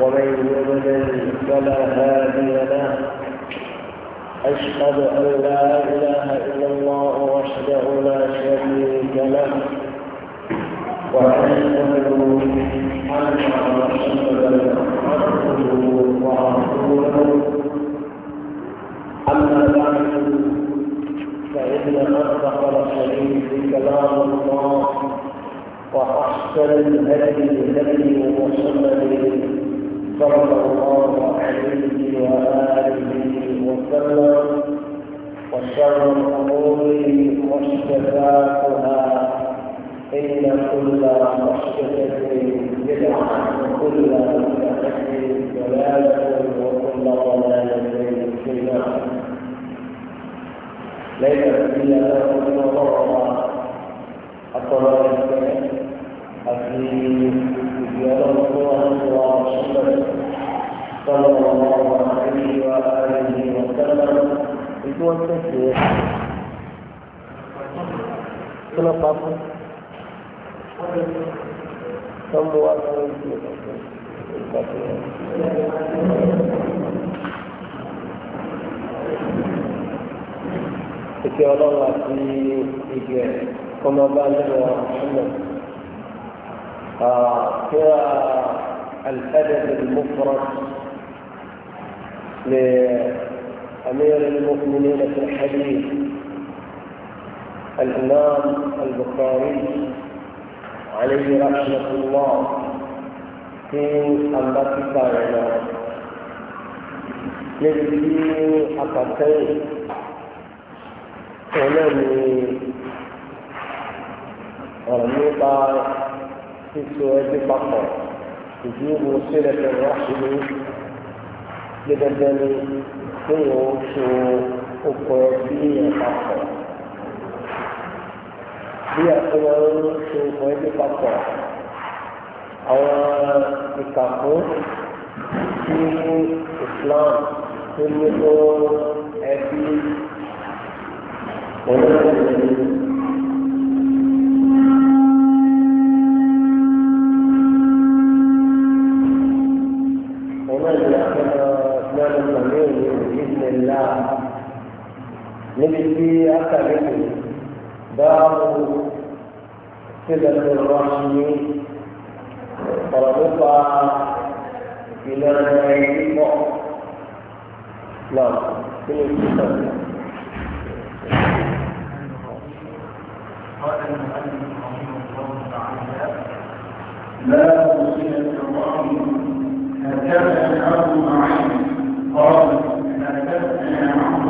ومن يضلل فلا هادي له أشهد أن لا إله إلا الله وحده لا شريك له وأشهد أن محمدا عبده ورسوله أما بعد فإن أصدق الحديث كلام الله وأحسن الهدي هدي محمد صلى الله عليه وآله وسلم وشر الأمور محدثاتها إن كل محدثة بدعة وكل بدعة ضلالة وكل ضلالة في النار ليس إلا من الله أطلع السنة أخي يرى الله ورسوله صلى الله عليه وآله وسلم يكون تسليم كنا قابل كم واقع Ìkẹ́ ọlọ́run àti ìgbẹ́ kọ́mọba lẹ́wọ̀n ọ̀hún náà. كالأدب المفرد لأمير المؤمنين في الحديث الإمام البخاري عليه رحمة الله في البكتارنا لذي أقتين ونمي ورميطا síso ẹbí papọ̀ ìdíwọ́ sílẹ̀ tó wá sí ní gbẹdẹdẹni tó yẹ ó so okọ̀ ẹbí yẹn papọ̀. bí àtúwọ̀ ń so okọ̀ ẹbí papọ̀ àwọn ìkàkùn tí Islam tó ní ó ẹbí òun náà níbi tí a kàlẹ́kù báwo sílẹ̀ tó lọ sí ọ̀rọ̀ nípa ìlànà ìpọ̀ náà kí ni ìlú kan. قال المؤلف رحمه الله تعالى لا صلة الرحم هكذا الأمر معي قال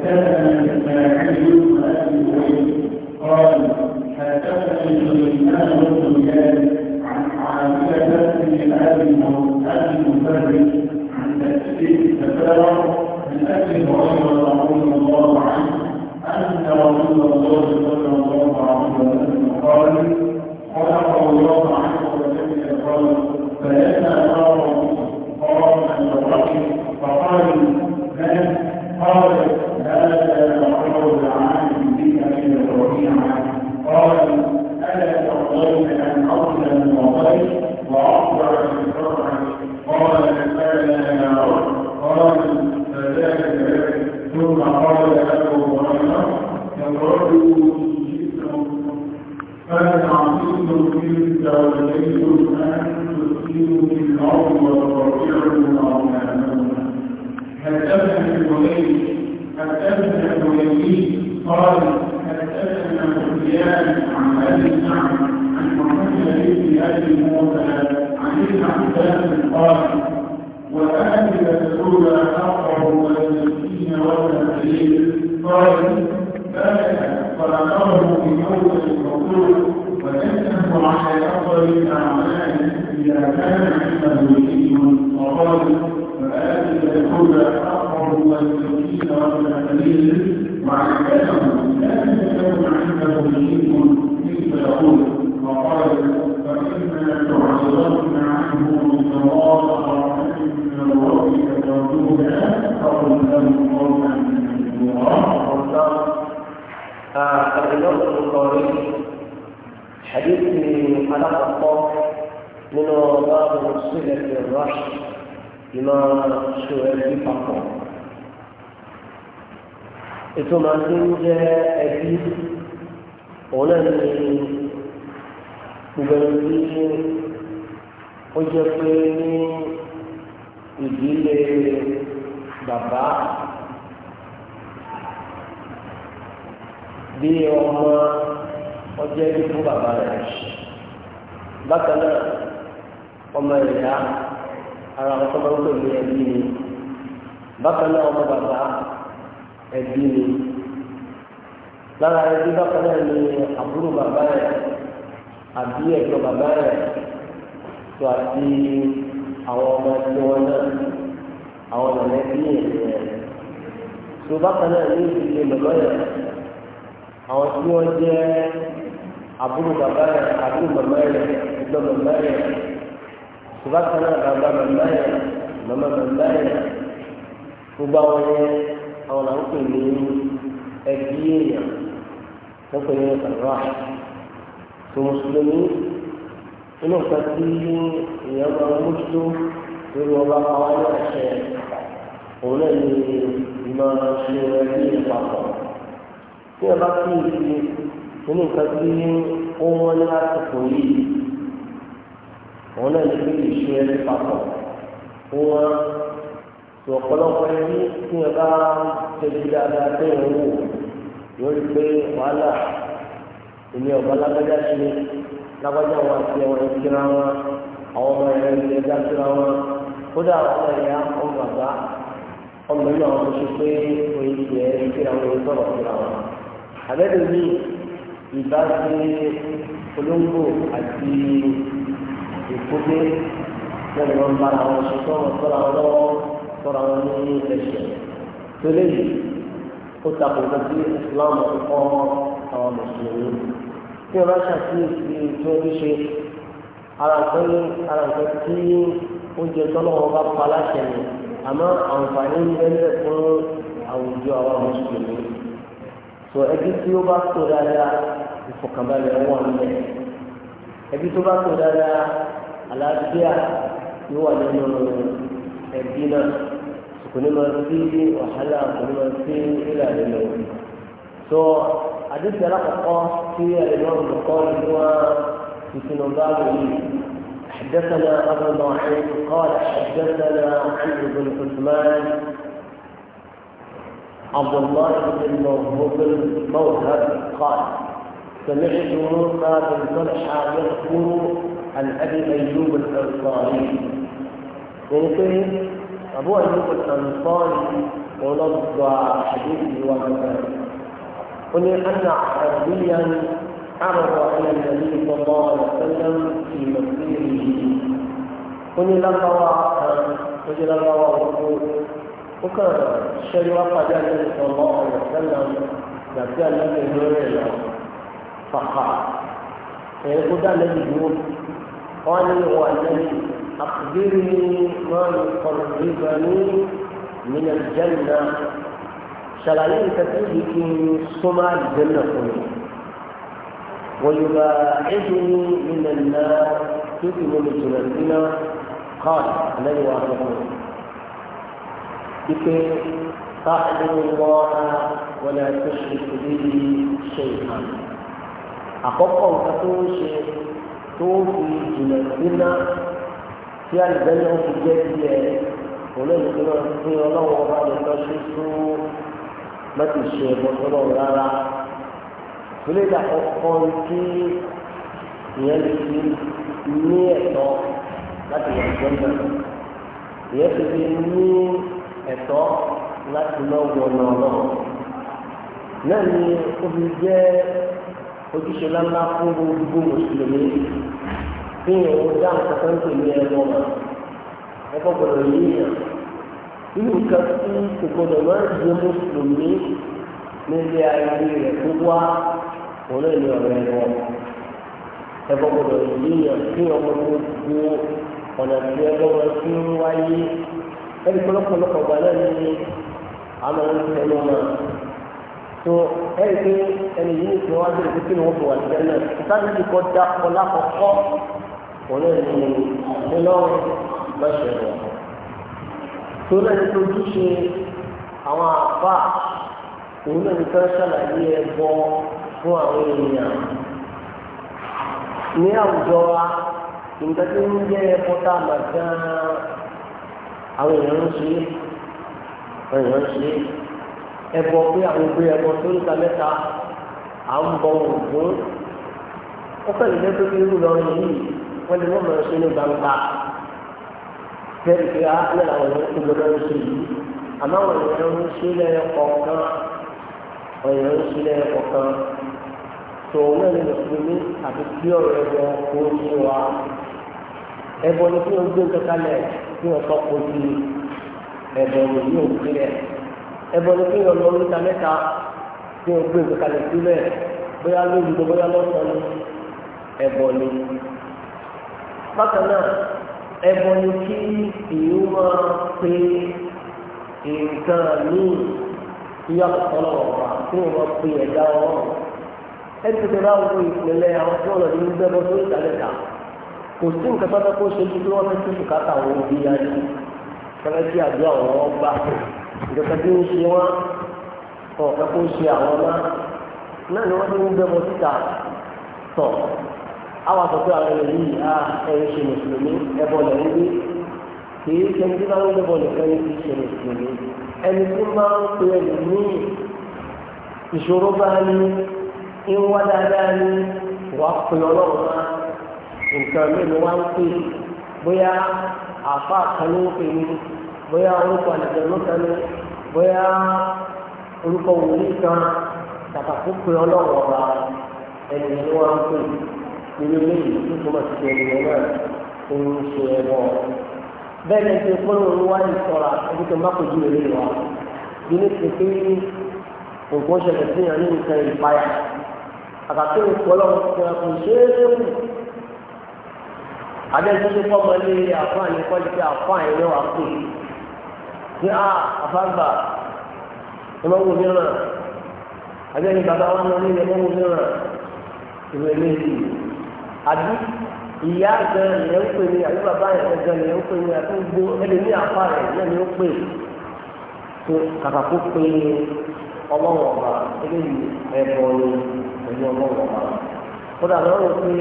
Gracias. البخاري حديث من حلقة الطاف من باب صلة الرحم بما شوال بفقه ثم تنجى أبيب هنا من مبنين وجبين ìdílé bàbá bí ọmọ ọjọ́ ẹbí fún bàbá rẹ̀ bákan náà ọmọ ìyá ara ọkọ máa ń pè ní ẹbí ni bákan náà ọmọ bàbá ẹbí ni lára ẹbí bákan náà ni àbúrò bàbá rẹ̀ àbí ẹ̀gbọ́n bàbá rẹ̀ tó àti àwọn ọmọ ẹbí wọn náà àwọn ọmọ ẹbí yẹn tó bákan náà ní ìdílé lọ́lọ́yà àwọn tí wọ́n jẹ́ àbúrò bàbá rẹ̀ àbúrò màmá rẹ̀ ẹgbẹ́ màmá rẹ̀ subakana bàbá màmá rẹ̀ màmá màmá rẹ̀ gbogbo àwọn yẹn àwọn là ń pè ní ẹbí èèyàn tó pè ní ọ̀rọ̀ tó mùsùlùmí inú nǹkan tí èèyàn máa ń mójútó lórí ọba àwọn aláṣẹ òun náà ni ìmọ̀ ṣe ẹbí ìpapọ̀ tí ẹ bá fi ìdílé nínú nǹkan tí ó wọ́n ní àsìkò yìí òun náà ní bí ìṣú ẹni papọ̀ ó wọ́n tó ọ̀pọ̀lọpọ̀ ẹni tí ẹ bá tẹ̀sí dáadáa tẹ̀ ń wò yóò rí pé wàhálà èmi ọ̀gá lágbájá ṣe lágbájá wọn àti ẹwọn ìṣẹ́ra wọn àwọn ọmọ ẹ̀rẹ́ ilẹ̀ ẹ̀dá síra wọn kódà ọmọ ẹ̀yà ọmọ bàbá ọmọ ìlú àwọn oṣù pé oyin tiẹ̀ ìṣẹ́ra wọn ìṣọ̀rọ̀ síra wọn àbẹ́dẹ̀ mi ìbá ti olóńgbò àti ìkóde lẹ́nu wọn bá àwọn ṣètò wọn tọ́ra wọn lọ́wọ́ tọ́ra wọn ní ẹ̀ṣẹ̀ tó léyìí ó takò lọ sí Islam ọ̀pọ̀ àwọn mùsùlùmí tí wọn bá ṣàkíyèsí tí wọn ti ṣe ara nǹkan ní ara nǹkan tí oúnjẹ tọ́lọ́wọ́ bá pa láṣẹ ni àmọ́ àǹfààní ń bẹ́ẹ̀ fún àwùjọ àwọn mùsùlùmí tó ẹbí tí ó bá tó dáadáa ìfọ̀kànbalẹ̀ wà nílẹ̀ ẹbí tó bá tó dáadáa àlàáfíà ló wà nínú ẹbí náà kò ní máa sí wàhálà kò ní máa sí ìlà nínú tó àdéhùn alákọ̀ọ́kọ́ tí ẹ̀rọ olùkọ́ ni wọ́n ti sinú báàbò yìí. حدثنا أبو نعيم قال حدثنا عمرو بن عثمان عبد الله بن موهب قال سمعت موسى بن طلحه يذكر عن ابي ايوب الانصاري يعني ابو ايوب الانصاري ونضع حديثه وكذلك قل ان عربيا عرض على النبي صلى الله عليه وسلم في مسيره قل لقوا قل لقوا وكان الشيء وقع النبي صلى الله عليه وسلم لابد أن يدور إلى فقع فيقول الذي يقول قال هو الذي أخبرني ما يقربني من الجنة شرعين تتيجي في سمع الجنة كله ويباعدني من النار تؤمن بجنتنا قال الذي واثقني wípé táàbùrù lọ́ra wọlé tó ṣe ìdílé ṣe ìhàn. àkọ́kọ́ nǹkan tó ń ṣe tó fi jìnnà síná tí àlùbẹ́lẹ̀ ń fi jẹ́ tiẹ̀ olóyìn tó lọ sí ọlọ́wọ́ ọba nìkan ṣe tó mẹ́tì ṣe ìbọ̀tọ́lọ́ rárá. ìpínlẹ̀ ìdàkọ́kọ́ tí ìyẹn lè fi ní ẹ̀tọ́ láti wà jẹ́ ìyẹn ti fi ní ẹ̀tọ́ láti lọ wọnà ọlọ́run náà ni omi jẹ́ ojúṣe lánlá fún gbogbo mùsùlùmí fi hàn ó dá nǹkan tó ń pè ní ẹ̀rọ mà ẹ̀kọ́ gbọdọ̀ yíyàn irú nǹkan tí kò gbọdọ̀ máa ń di mùsùlùmí nílé ayé rẹ̀ tó wá òun náà ni ọ̀rọ̀ ẹ̀rọ ẹ̀kọ́ gbọdọ̀ yíyàn fi hàn ó gbogbo ọ̀nà tí ẹ̀rọ wọn fi ń wáyé ẹni pọ̀lọpọ̀lọpọ̀ gbà náà ní àmọ́ wọn ti ẹnu mọ tó ẹni pé ẹni yìí ti wá bẹ̀rẹ̀ pípé ni wọn bọ wà ní ẹnu ìtàn yìí kọ da ọlá kọkọ wọn ní Ọlọ́run lọsẹ rẹ tó lẹni tó dúṣe àwọn àbá òun náà ní fẹ́ ṣàlàyé ẹbọ fún àwọn ènìyàn ní àwùjọ wa nǹkan tó ń jẹ́ ẹ̀kọ́ tá a gan-an àwọn èèyàn ń ṣe àwọn èèyàn ń ṣe ẹbọ pé àwọn ògbé ẹbọ tó ń ta mẹ́ta à ń bọ òògùn ó fẹ́ lè tó kí irú lọ́rùn yìí wọ́n lè wọ́n mọ̀ ṣe ní gbangba bẹ́ẹ̀ pé á lẹ́ àwọn èèyàn tó gbọdọ̀ ń ṣe yìí àmọ́ àwọn èèyàn ń ṣe lẹ́yìn kọ̀ọ̀kan àwọn èèyàn ń ṣe lẹ́yìn kọ̀ọ̀kan tòun náà ní mùsùlùmí àti kí ọ̀rọ̀ ẹbọ kó ń ṣe wa ẹbọ ni kí wọ́n gbé nǹkan kalẹ̀ kí wọ́n tọ́ kojú ẹ̀bọ̀rù ní òkú rẹ̀ ẹ̀bọ̀rù kí wọ́n lọ oríta mẹ́ta kí wọ́n gbé nǹkan kalẹ̀ sílẹ̀ bóyá lóru ló bóyá lọ́sàn-án ni ẹ̀bọ̀ ni. bákan náà ẹ̀bọ̀ ni kí ìlú máa pe nǹkan míì yíyàtọ̀ sọ́lọ̀ ọ̀pá kí wọ́n máa pe ẹ̀dá ọ̀rọ̀ ẹ̀ ti tẹ̀lé àwọn ìpínlẹ̀ àwọn tí wọ́n lọ kò sí nǹkan tó fẹ́ kó ṣe ju bí wọ́n fẹ́ tún bùkátà wọn òbí ayé fẹ́rẹ́ sí àdúrà wọn ọgbà ìjọba tí ó ṣe wọn ọ̀fẹ́ kó ṣe àwọn ọmọ náà ni wọ́n ti ń bẹ́ mọ síta tọ̀ àwọn àtọ̀tọ̀ àwọn ẹ̀rọ yìí á ẹ̀rọ ṣe mùsùlùmí ẹ̀bọ lẹ́yìn gbé kìí ṣe ní bá ń gbẹ́bọ̀ nìkan ní ti ṣe mùsùlùmí ẹni tí máa ń pe ẹni ní ìṣòro bá ní ń wá dáadáa ní wàá pe ọlọ́run náà nǹkan mẹ́rin wá ń pè bóyá àfa kan ló ń pè ní bóyá orúkọ àlejò kan ní bóyá orúkọ wòlíì kan tàbàkú pé ọlọ́wọ́ ọba ẹnìyẹn wá ń pè nínú lẹ́yìn tó tó máa ti di ẹnìyẹn náà tó ń ṣe ẹbọ bẹ́ẹ̀ ni ṣe fún òun wá ìṣọ́ra ẹbí tó má kò ju èrè wa bí ní ti pé nǹkan ṣẹlẹ̀ sí ìyàn ní nǹkan ìpayà àkàtúntò ọlọ́run ti àbẹ́sẹ̀ tó kọ́ ọmọ ilé àfáàní kọ́jú pé àfáàní ló wà pè ah, ní a àfáàgbà ìmọ̀ wò mìíràn àbẹ́ni bàbá wa náà nílẹ̀ ìmọ̀ wò mìíràn ìwé méjì àbí ìyá àgbẹ̀ ìyẹn ń pè ní àbí bàbá yẹn gan ìyẹn ń pè ní àti gbogbo ẹni ní àfáàní náà ni ó pè tó kàkà kó pé ọlọ́wọ̀n ọba eléyìí ẹ̀bọ̀ ni pẹ̀lú ọlọ́wọ̀n ọba kódà lọ́wọ́ pé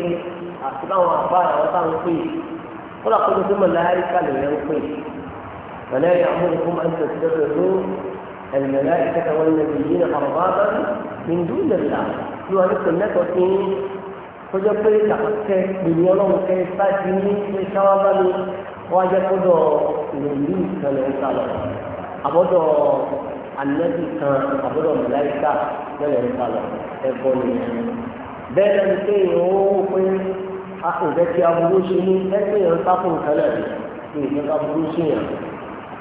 àti báwọn àbá àwọn táwọn pè é kódà kó tó tó mọ̀ láyé kálẹ̀ yẹn pè é mọ̀lẹ́ yàmúrù fún máa ń tẹ̀sí lọ́dọ̀ tó ẹ̀lẹ́lá ìkẹta wọn lè yí ní ọ̀rọ̀ bá mi ń dúró lẹ́la tí wọ́n ti mẹ́tọ̀ sí kó jẹ́ pé kàkẹ́ pèmí ọlọ́run kẹ́ sáàtì ní pé káwá bá mi wọ́n á jẹ́ kó dọ̀ ìròyìn bẹ́ẹ̀ ni pé ìhòòhò pé àkùnjẹ́ kí aburú ṣe ní ẹgbẹ́ yẹn sáfún kẹlẹ̀ ní ìjọ aburú ṣe yẹn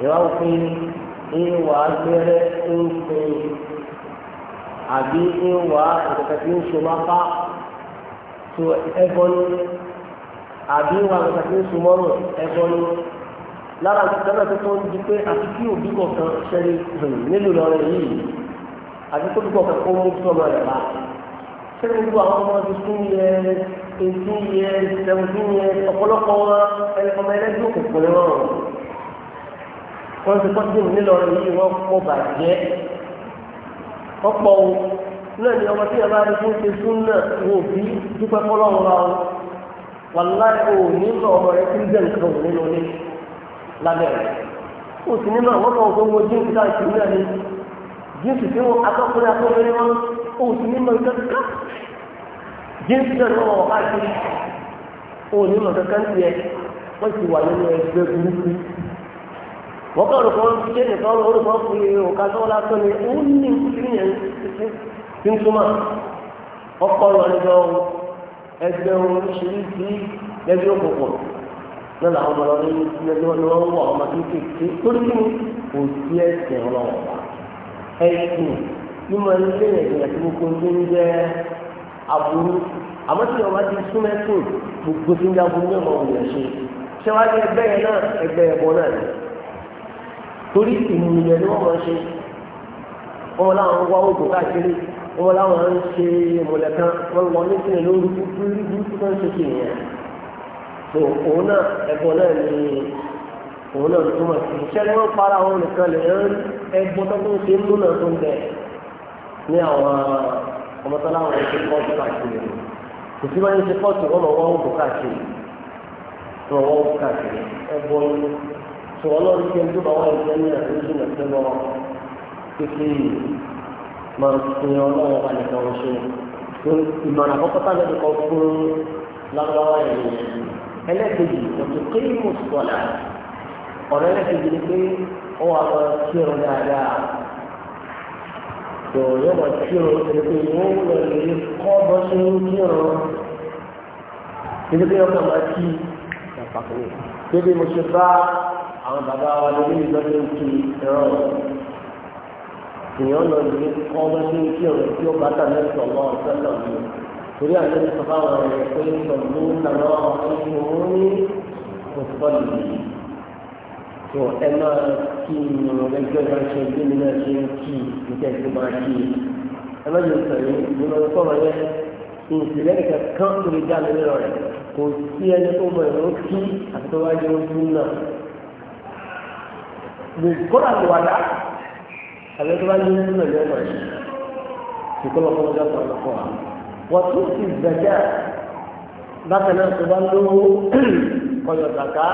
ìwà òfin ìwà gbẹrẹ ń pè àbí ìwà ìkọ̀kẹ́ tí ń ṣomápá tó ẹbọ ní àbí ìwà ìkọ̀kẹ́ tí ń ṣomọ́rùn ẹbọ ní lára ìtẹ́lẹ̀ tó tó ń di pé àti kí òbí kọ̀ọ̀kan ṣẹlẹ̀ hmm, nílùú lọ́rẹ̀ yìí àti kó bí kọ̀ọ̀kan kó mú sọ́mọ rẹ̀ bá ṣé eighteen years seventeen years ọ̀pọ̀lọpọ̀ wọn ẹni ọmọ ẹlẹ́gbẹ́ òkùnkùn ni wọ́n wọ́n ti kọ́ sí nílọrin yìí wọ́n kọ́ bàjẹ́ ọ̀pọ̀ o náà ni ọmọ tí yàrá rẹ̀ fún ṣe fún náà wò bí dúpẹ́ fọlọ́run ra o wàláì o nílò ọmọ rẹ̀ tí ń jẹ́ nǹkan òun nínú ilé lábẹ́ rẹ̀ o sì nínú àwọn ọmọ ògbóngbò jíǹsì káàkiri náà ni jíǹsì tí wọn akọ́kùnrin akọ́kùnrin wọn o sì nínú ìtọ́jú jésù náà ló wọ̀ káàkiri òun ní kankan tiẹ̀ wọ́n ti wà nínú ẹgbẹ́ burúkú wọ́n kọ́ ọ̀rọ̀ kan ṣé nìkan ọ̀rọ̀ kan fún iye òkà tó lásán ni ó ní ìkúrú yẹn ti ń túmọ̀ ọkọ̀ ọ̀rọ̀ ẹgbẹ́ ọ̀hún ẹgbẹ́ oríṣiríṣi lẹ́gbẹ́ òkùnkùn náà làwọn ọmọ ọlọ́run ní ẹgbẹ́ ni wọ́n wọ̀ ọmọ kéékèèké lórí kí kò sí ẹsẹ̀ ọlọ́wọ́ ẹ̀sìn mímọ ilé ẹ̀gbìn àti gbogbo ń jẹ́ aburú àmọ́ tí ìyọ̀wá ti súnmọ́ ẹ̀sìn gbogbo tí ń já aburú náà wọ̀ yẹn ṣe ṣé wàá ní ẹgbẹ́ yẹn náà ẹgbẹ́ ẹ̀bọ náà ni torí ìmùyẹn ni wọ́n máa ṣe wọ́n láwọn ń wá oògùn káàkiri wọ́n láwọn ń ṣe ìmùlẹ̀ kan wọ́n lọ ní sílẹ̀ lórí burúkú burúkú tó ń ṣe kì í yẹn so òun náà ẹ̀bọ náà ni òun náà ló túmọ̀ sí iṣẹ́ ni wọ́n para àwọn nìkan lè ń ẹ̀bọ tó ń ṣe ń múnà tó ń bẹ̀ ní àwọn ọmọ tó láwọn ẹ̀ ṣe kọ́ọ̀tù káàkiri o kò sí wáyé ṣe kọ́ọ̀tù ọmọ wọn ń bò káàkiri ọmọ wọn ń bò káàkiri ẹ bọ inú tó ọlọ́run ṣe ń tó bá wọn ṣe ní àtúnṣe náà ṣe lọ kékeré yìí máa sin ọlọ́run balẹ̀ kan ṣe ìmọ̀ràn àkọ́kọ́ táwọn ẹ̀kọ́ fún lágbára ẹ̀yìn ẹlẹ́kejì ni pé ó wà lọ tó yóò máa kírun ètò ìwọ lọ lè kọ́ bọ́ sí kírun níbi tí wọ́n kà máa kí bébí mo ṣe bá àwọn bàbá wa lórí ìlọ́dẹ ti ẹ̀rọ èèyàn lọ lè kọ́ bọ́ sí kírun tí ó bá tà lẹ́sọ̀ mọ́ ọ̀sẹ̀lọ̀ mi torí àti ẹni sọ fáwọn ẹ̀rọ pé sọ̀rọ̀ nàná ẹ̀yìn òun ní òṣùpọ̀ nìyí tó ẹ máa kí ẹgbẹ́ máa ṣe gbé mi náà ṣe ń kí ìjẹ́ tó máa kí i. ẹ má jẹ́ sọ̀rọ̀ yìí ló ń sọ̀rọ̀ yẹn ìsìlẹ̀ nìkan kan tó lè dá mi lọ rẹ̀ kò sí ẹni tó mọ ìlú kí àti tó wáyé ojú náà. lè kọ́ra lù wàdà àbẹ́ tó bá ní ojú náà lẹ́nu rẹ̀ ṣùgbọ́n ọkọ̀ ọjọ́ kan lọ kọ́ ti gbẹ̀jẹ̀ bákan náà tó bá lówó kọyọ̀ zàká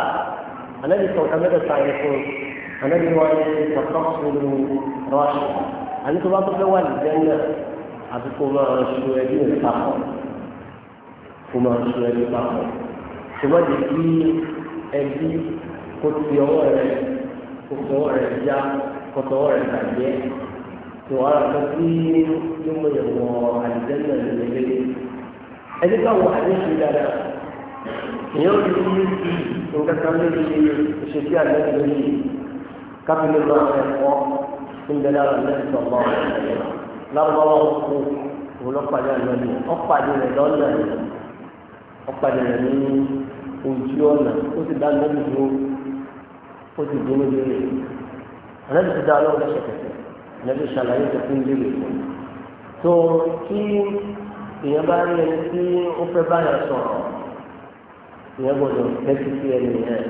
alẹ́ nìkan mẹ́tẹ̀ẹ̀ta yẹn fún un anabi wa ni pàtàkùnrin rọ́ọ̀ṣì àní tó bá tó fẹ́ wà lìjẹ́ náà àti kó máa ṣu ẹbí rẹ̀ papọ̀ kó máa ṣu ẹbí papọ̀ kó má jẹ́ kí ẹbí kó ti ọwọ́ rẹ̀ kó fi ọwọ́ rẹ̀ já kó tọwọ́ rẹ̀ bàjẹ́ tó ara kan tí yóò mọ̀ yẹ̀ wọ àlìjẹ́ náà lélẹ́lẹ́ ẹni bá wọ àdéhùn dáadáa èèyàn ti fi nǹkan kan lórí ìṣèjì àlẹ́ lórí yìí káfíńdé ló ń ẹ̀kọ́ níbẹ̀ lára lẹ́yìn tó bá wọn lárúbáwá òkú olópàdé àlọ́lẹ̀ ọ̀pàdé rẹ̀ lọ́nà rẹ̀ ọ̀pàdé rẹ̀ ní ojú ọ̀nà ó sì dá lọ́nà tó ó sì dúró lórí rẹ̀ àlẹ́ ti dá lọ́wọ́ lẹ́sẹ̀kẹsẹ̀ àlẹ́ ti ṣàlàyé tó fún lérè fún tó kí èèyàn bá rí ẹni tí ó fẹ́ báyà sọ̀rọ̀ ìyẹn gbọ́dọ̀ tẹ́tí sí ẹni yẹn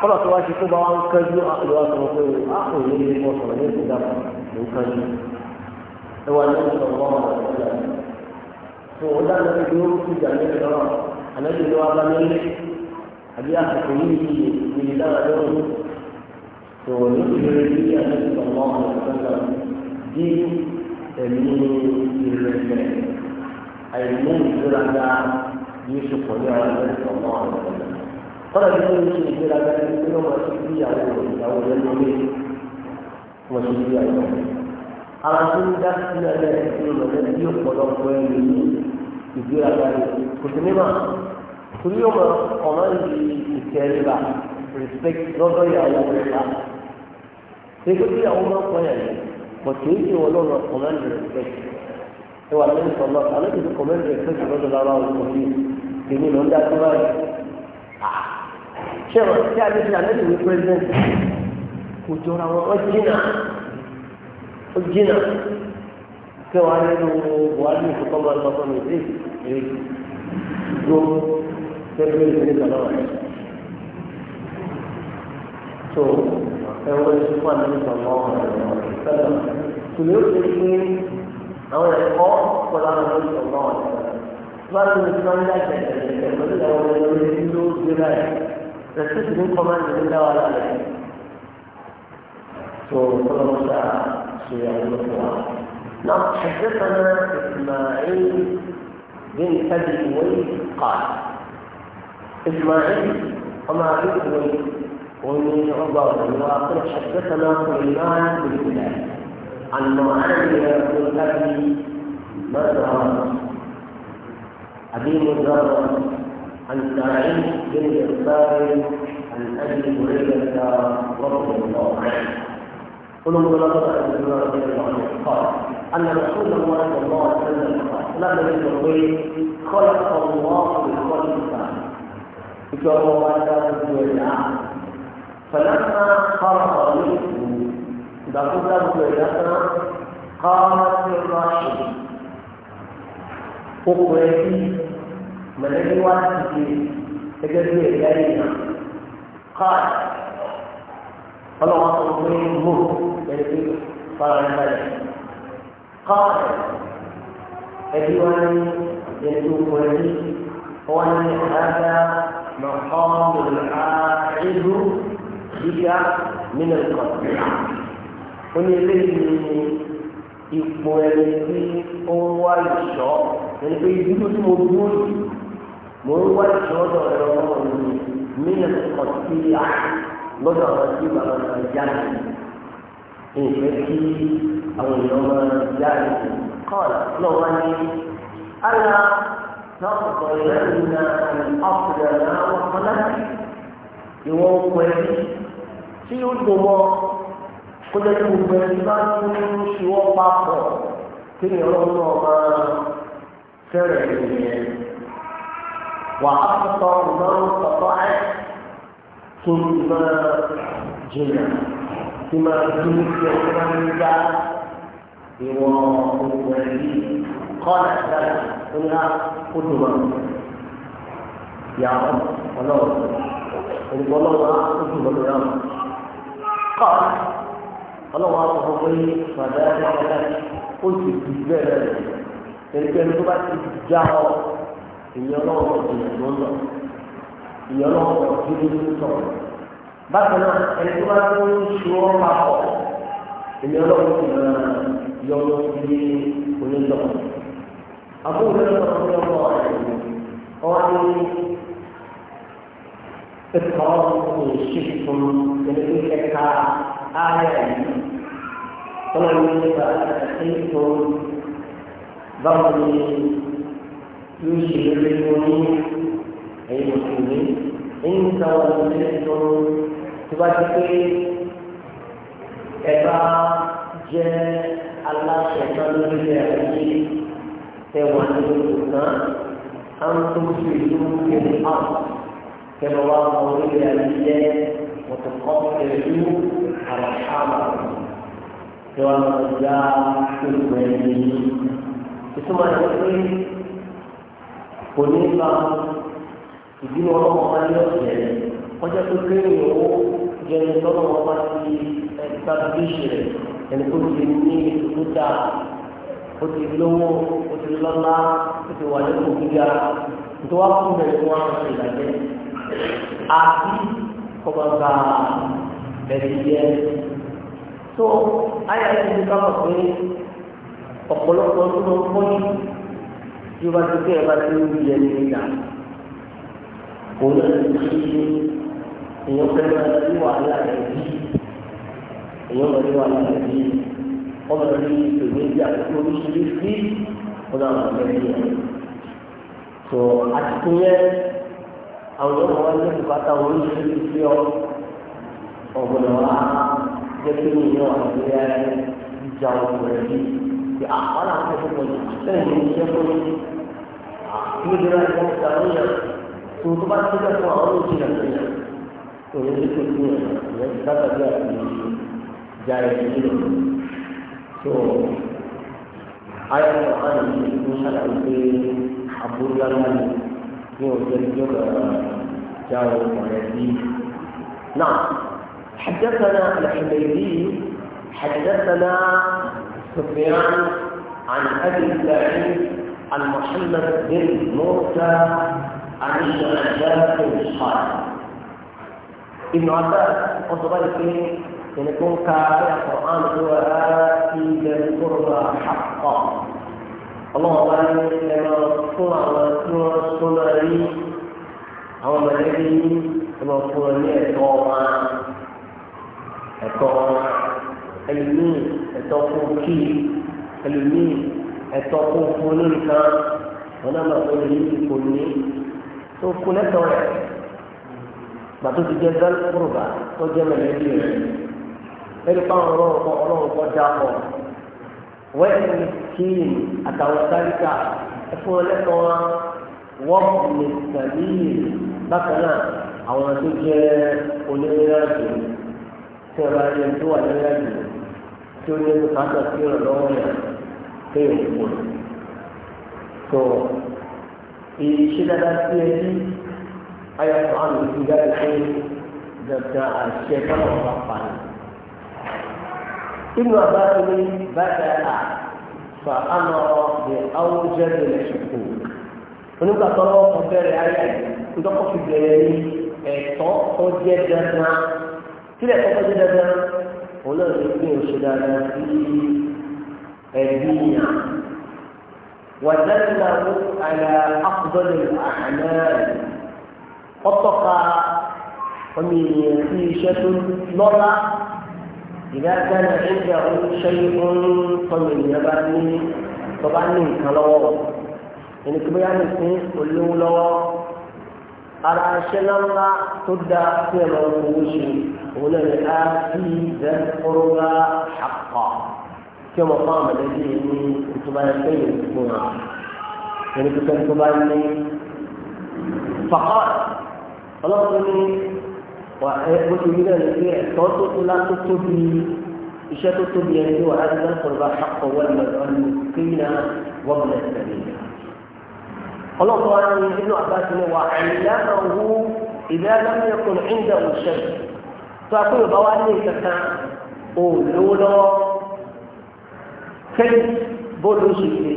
kọ́lọ̀ tó wá ṣe tó bá wá ń kájú àlùwà sọ̀rọ̀ pé o ah, á kò ní ilé mọ́ sọ̀rọ̀ ní ìgbà ló ń kájú. ẹ wà ní ìṣòro wọn wà lọ́wọ́ ìjà tó o dá lọ́wọ́ ìdúró kú ìjà ní ìlọ́rọ̀ ànájú ló wá bá ní ilé àbí àsìkò yìí ti yè ní dára lọ́wọ́ tó o ní ìṣòro bí ànájú sọ̀rọ̀ wọn wà lọ́wọ́ bí ẹ̀mí ìrẹ̀lẹ̀ àìmú ìṣòro àgbà yóò pọ̀ ní àwọn ànájú sọ̀rọ̀ kọ́lá ní kí ní ṣe ìgbéraga ní pé wọ́n máa ṣe bí àwọn ìyàwó rẹ̀ ló lé wọ́n ṣe bí àwọn àwọn tó ń dá sí ẹgbẹ́ ìṣòro lọ́dẹ bí ọ̀pọ̀lọpọ̀ ẹni ní ìgbéraga rẹ̀ kò sí ní máa torí ọmọ ọmọ yìí ìtẹríba respect lọ́dọ̀ ìyàwó rẹ̀ ká ṣé kí ìyàwó máa kọ́ yà ní bọ̀ kì í ṣe wọn lọ́rọ̀ command respect ẹ wà lẹ́yìn sọ̀rọ̀ alẹ́ kìí command respect lọ́dọ̀ lára ọ̀pọ̀ yìí kì í ní lọ́dọ̀ àti báyìí. ṣẹ́wọ̀n tí a ti fi àlẹ́ ìwé president kò jọra wọn wọ́n jìnnà ó jìnnà kẹwàá nínú buhari ìfọkọ́ máa ń lọ fún mi sí èrè gbó tẹ́lẹ̀ ìdílé kan náà rẹ̀. tó ẹ̀wọ̀n ti fún àlẹ́ ìfọkọ́ máa ń lọ sẹ́lẹ̀ tùlẹ̀ ó ti pín àwọn ẹ̀kọ́ pẹ̀lú àwọn ọmọ ìfọkọ́ máa ń lọ sẹ́lẹ̀. bá a ti ní sọ́ńdà jẹ̀jẹ̀ jẹ̀jẹ̀ pẹ̀lú àwọn ọmọ ìfọkọ́ máa ń lọ sẹ́lẹ̀ Respect ni command ni dah ada lagi. So kalau masa saya Allah. نعم حدثنا إسماعيل بن أبي ويس قال إسماعيل وما أبي ويس ومن عبر الواقع حدثنا سليمان بن بلال عن معاوية بن أبي مزرعة أبي مزرعة عن سعيد بن جبار عن ابي هريره رضي الله عنه قلوا خلاصه عن رضي الله عنه قال ان رسول الله صلى الله عليه وسلم قال لا بد من الطيب خلق الله الخلق بكره في الدنيا فلما خلق منه اذا كنت ابو هريره قامت الراشد وقويتي mọ̀lẹ́bí wá ti ṣe gẹ́gẹ́ bí ẹ̀yà èèyàn káàdì ọlọ́wọ́n tó gbé mú ẹni pé fara balẹ̀ káàdì ẹbí wá ní ẹni tó kọ ẹbí wọ́n ní àdá mọ̀kọ́mù àìlú gíga nínú ìkọ̀tì. ó ní eléyìí ní ipò ẹni tí ń wá ìṣọ́ ẹni pé ìdúró tí mo dúró yìí mò ń wá ìṣòro ẹ̀rọ ọmọ mi mílẹ̀ ọ̀tí à lọ́dọ̀ àwọn tí bàbá máa jáde ìfẹ́ kí àwọn èèyàn máa jáde kọ́ọ̀lù náà wá ní àlà lọ́kọ̀ọ̀kọ̀ ìrẹ́lú náà ọ̀pọ̀lọ̀ náà wọ́n kọ́lá ìwọ̀n pẹ̀lú tí ó dùn mọ́ kódé tó gbẹ bá ń ṣíwọ́ papọ̀ kí ni ọlọ́run náà máa fẹ́rẹ̀ ìrìn وأعطى ما استطاعت ثم جنى ثم جنت يوما وقوته قالت له قلها قدما يا رب ولو ولو قدما يا رب قال ولو أعطه فذلك لك قلت بالنسبة لك لأنك أنت بعد ìyọlọ́wọ́ ìyẹn ló ń lọ ìyọlọ́wọ́ ìdílé ló ń tọ̀ bákan náà ẹni tó bá tó ń ṣe ọ́ papọ̀ ìyọlọ́wọ́ ìyẹn yọ lọ sí onítọ̀ àbúrò lọ́wọ́ ọ̀rọ̀ ọ̀rọ̀ ọ̀rọ̀ تتقاضوا شئتم لذلك آية فمن فأتيتم ضربي yóò ṣe lórí orí ẹ̀yìn mùsùlùmí ẹ̀yìn sáwọn ọmọdé tó tó bá ti pé ẹ bá jẹ́ aláṣẹ tán lórí ẹ̀rọ yìí ẹ wà ní oṣù náà á ń tó ṣe ìlú kiri hàn kẹlẹ wa mọ orí ẹ̀rọ yìí jẹ́ mọ̀tòkọ́ ìlú àràkàmà kẹwàá lọ́jà tó gbẹ̀yìn ìtumọ̀ ìwé kò ní bá ìdí ọlọ́wọ́ máa ní ọ̀sẹ̀ wọ́n jẹ́ pé kéèyàn ó jẹ ẹni tọ́lọ́ wọn bá ti ẹgbẹ́ bíṣì rẹ̀ ẹni tó ti ní ìdúdà ó ti lówó ó ti lọ́lá ó ti wà ní kòkìyà tó wá fún mi fún àwọn ìlàjẹ́ àti kọ́bọ̀tà ẹ̀rí tó ayé àti ìdúkà mọ̀ pé ọ̀pọ̀lọpọ̀ tó lọ fún yìí tí o bá ti kẹ́ ẹ bá ti ń yẹ ní ìgbà òun náà ti ṣe èèyàn fẹ́ máa ní wàhálà rẹ̀ èèyàn máa ní wàhálà rẹ̀ ọmọ rẹ̀ ní ìpèmí ìjà tó oríṣiríṣi ọ̀nà àwọn ọmọ rẹ̀ yẹn. tó àtìkú yẹn àwọn ọmọ wa ní ìpàtà oríṣiríṣi ọ ọ̀gbọ̀n wa jẹ́ kí ni wà ní ìjà ọmọ yìí pé àwọn àwọn tó pọ̀ jù sẹ́yìn ní iṣẹ́ fún mi ah, kí ló dé láti wọ́n ta ló yẹ tó tó bá ti lẹ́ fún àwọn olóòjì náà tó yẹ tó yẹ kí tó yẹ ìyẹn ti dábàá bí àti ìjà ẹ̀jẹ̀ nílò tó ayé wọn á lè fi ìlú ṣàlàyé pé àbúrò lánàá ni ní ọjọ́ ìjọba jáwé ọ̀rẹ́ bíi náà حدثنا الحميدي حدثنا سفيان عن أبي سعيد عن محمد بن موسى عن ابن عباس ابن عباس أصبحت فيه أن يكون كافر القرآن هو آتي ذا حقا الله تعالى لما صنع رسول صنع لي أو ملكي كما صنع لي التوراة التوراة ẹlòmíì ẹ̀tọ́ fún kí ẹlòmíì ẹ̀tọ́ fún fún ní nǹkan wọn náà máa fẹ́ yìí kò ní tó kún lẹ́tọ̀ rẹ̀ gbàtó ti jẹ́ zálùkùrùbà tó jẹ́ mẹ̀lẹ́bí rẹ̀ ẹni pa ọlọ́run kọ ọlọ́run kọ dá ọ wẹ́ẹ̀ni kíni àtàwọn sáríkà ẹfún ọlẹ́tọ̀ wa wọ́n lè tàbí bákan náà àwọn tó jẹ́ onírìnàjò tẹ̀ra ẹni tó wà nírìnàjò tí ó ní bùkátà sí ìrànlọ́wọ́ yẹn pé òkú rẹ̀. tó ìṣe dáadáa sí ẹbí ayọ̀tọ̀ àmì ti jáde pé dandan àṣẹ táwọn bá pa ni. inú abáyé ní bàtà à fa àmà ọ di àwùjọ ìrìnlẹ̀ ṣùkú. onígbà tó lọ́wọ́ kan bẹ̀rẹ̀ ayé ìdọ́kọ̀ bẹ̀rẹ̀ ní ẹ̀tọ́ tó jẹ́ dandan sílẹ̀ tó tó jẹ́ dandan òun náà ti gbé oṣù dáadáa sí ẹbí yàn wàdánilá mú àyà akudọ́lẹ̀ àná ọtọ́ka ọmọ ènìyàn sí iṣẹ́ tó lọ́lá ìdá gánà ẹ̀jẹ̀ ọ̀hún ṣẹ́yìn ọ̀hún tọ́mọ ènìyàn bá ní tọ́ba ní nǹkan lọ́wọ́ ẹni tó nìkan olówó lọ́wọ́. ara aṣẹ ńláńlá tó da fún ẹ̀rọ owó ṣe òun náà ní a fi bẹ́ẹ̀ kọ́rọ́lá àpá kí ọmọ fún àmọ̀lẹ́bí ní ìtura ẹgbẹ́ yìí fún wa ẹni tó fẹ́ẹ́ tó bá ní fàkọ́ ọlọ́run ní wà ẹ bó ti wí náà ní pé ẹ̀tọ́ tó tó lá tó tóbi iṣẹ́ tó tóbi ẹni wà á ti bẹ́ẹ̀ kọ́rọ́lá àpá wọ́n lọ sí kéèyàn wọ́n lọ sí kéèyàn. ọlọ́pàá wa ní inú àbáṣe ni wà àyíláàmà wú ìdáyàlámìyà kan ìdá òṣè tó a kúrò bá wá ní kankan ò lówó lọ́wọ́ kẹ́lí bọ́ọ̀lù oṣù yìí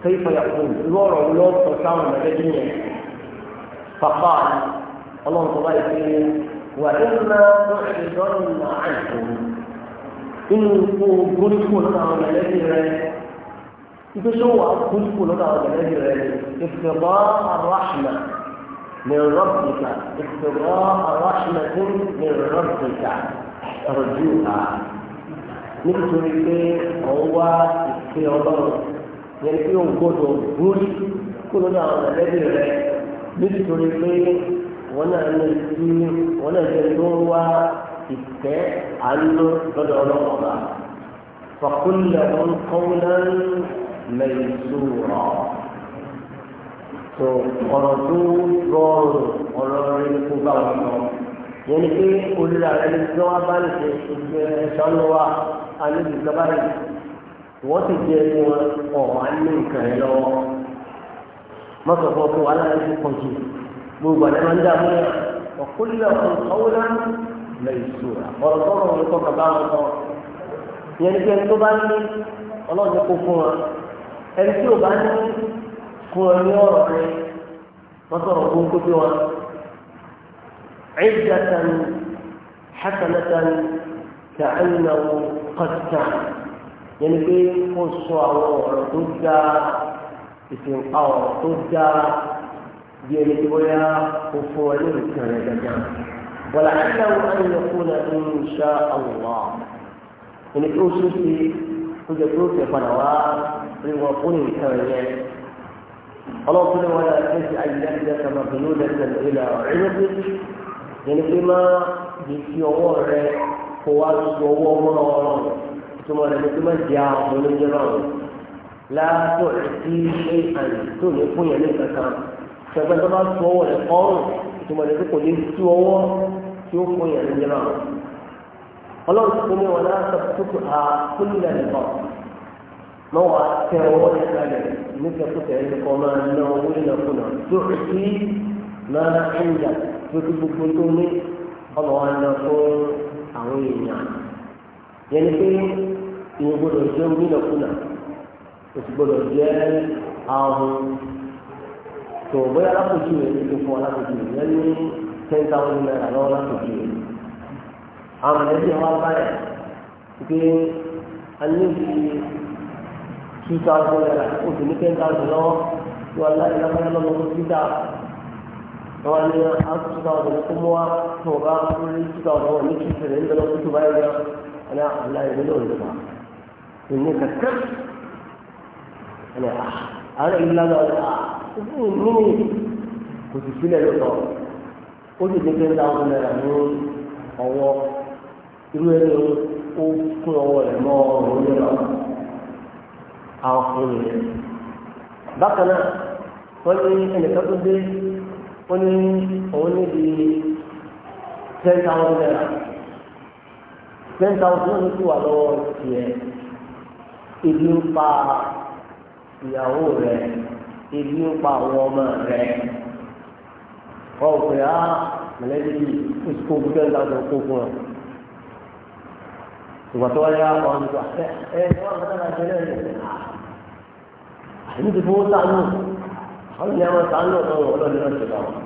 kẹ́lí fọyàpọ̀ lọ́rọ̀ lọ́sọ̀ sáwọn mẹ́lẹ́dì yẹn pàpà ọlọ́pàá wa yìí wà ìmọ̀ ìdánwò àìsàn inú kó gbóríkó lọ́wọ́ mẹ́lẹ́dì rẹ̀. بس هو كل كلنا وجناد الرجل اختضاء الرحمة من ربك اختضاء الرحمة من ربك ارجوها نكتب ايه هو اختضاء يعني فيهم كتب كل كلنا وجناد الرجل نكتب ايه وانا نسيم وانا جنوة اتاء عنه بدعو الله فقل لهم قولا mẹ́sùrọ̀ tó ọ̀rọ̀ tó rọrùn ọ̀rọ̀ rẹ̀ kó bá wọn lọ yẹn ni pé olùdarí rẹ̀ ní sọ́wọ́ bá lè ṣe ìṣọ́nù wa alóbi ìjọba rẹ̀ wọ́n ti jẹ́ ẹni wọn ọ̀hún alẹ́ nǹkan rẹ̀ lọ́wọ́ mọ́tò fún ọkọ̀ wàhálà rẹ̀ ti pọ̀ jù gbogbo àlẹ́ máa ń dààmú rẹ̀ ọ̀kúnlẹ̀ ọ̀kún ọ̀wúlá mẹ́sùrọ̀ ọ̀rọ̀ tó rọrùn kọ́ kàbá wọn kọ́ yẹn ni pé tó bá ní ọlọ́run kó fún wọn. ẹni tí o bá ní fún ọ ní ọ̀rọ̀ rẹ wọ́n sọ̀rọ̀ fún kókó wa عزة حسنة كأنه قد كان yẹn ni pé kó sọ àwọn ọ̀rọ̀ tó dáa ìsìnká ọ̀rọ̀ tó dáa bí ẹni tí wọ́n yá kó fún ẹ lórí kan rẹ̀ gàgà. wàlá ẹ̀ka wọn á yẹ kó na ní ṣá àwòrán ẹni tó ṣe ṣe tó jẹ tó tẹ padà wá rí wọn fún nǹkan yẹn ọlọ́kùnrin wọn yà ẹsẹ̀ ayélujára kama bínú lẹ́sẹ̀ ìlà ìrẹ́pẹ́ yẹn pé má yìí fi ọwọ́ rẹ kó wá sọ ọwọ́ mọ́nà ọ̀rọ̀ ìtumọ̀ rẹ̀ ní pé má jẹ́ àwọn olóúnjẹ náà láàtọ̀ sí ṣé àyè tó ní fún yẹn ní kankan ṣẹgbẹ́ tó bá sọ ọwọ́ rẹ̀ kọ́rùn ìtumọ̀ rẹ̀ pé kò ní sí ọwọ́ tí ó fún yẹn ní jẹ́ náà ọlọ́run tó ní wọn náà sọ̀tùtù àkúlẹ̀ nìkan mọ wàá tẹ ọwọ́ yẹn kalẹ̀ nífẹ̀ẹ́ tó tẹ̀ ẹ́ kọ́ máa ná owó nínú ọkùn náà tó fi máa ń yà tó fi gbogbo tó ní ọmọ wa ná fún àwọn èèyàn yẹn ni pé ìyẹn gbọdọ̀ jẹ́ owó nínú ọkùn náà o ti gbọdọ̀ jẹ́ ahun tó bóyá alákòjú rẹ̀ ti fún alákòjú rẹ̀ yẹn ní ten thousand naira lọ́wọ́ alákòjú rẹ̀ àwọn ẹbí wọn bá yẹ pé a ní bí two thousand naira oṣù ní ten thousand lọ́wọ́ tí wọ́n láyé lábẹ́rẹ́ lọ́nà tó ti dà wọ́n ní a two thousand kó mọ́ wa tó bá rí two thousand wọn ní two thousand níbẹ̀ lọ́wọ́ tó báyìí lọ wọn ní àbúlá ìwé lọ́wọ́ ìjọba ìní kẹ̀kẹ́ ẹni àárẹ̀ ìlú lánàá ọ̀dọ́ àkókò mímì kò sì sílẹ̀ lọ́tọ̀ ó sì ní ten thousand naira ní ọwọ́ irú ẹni ó kún ọwọ́ rẹ̀ mọ́ ọ̀rọ̀ orí ẹ̀rọ àwọn fún mi. bákan náà wọ́n ní ẹnìkan tó dé ó ní òun níbi ten thousand naira ten thousand naira ti wà lọ́wọ́ tiẹ̀ ibi ń pa ìyàwó rẹ̀ ibi ń pa àwọn ọmọ rẹ̀ wọ́n á mọ̀lẹ́bí oṣù kó gbé ten thousand kó fún ọ ìwà tó wáyé àwọn ọmọ ẹ ẹ wọn kọ́ náà ṣe àyè ti fowó sànù àwọn ìyá wọn sànù ọ̀tọ̀ ọlọ́ọ̀ni náà ṣe báwọn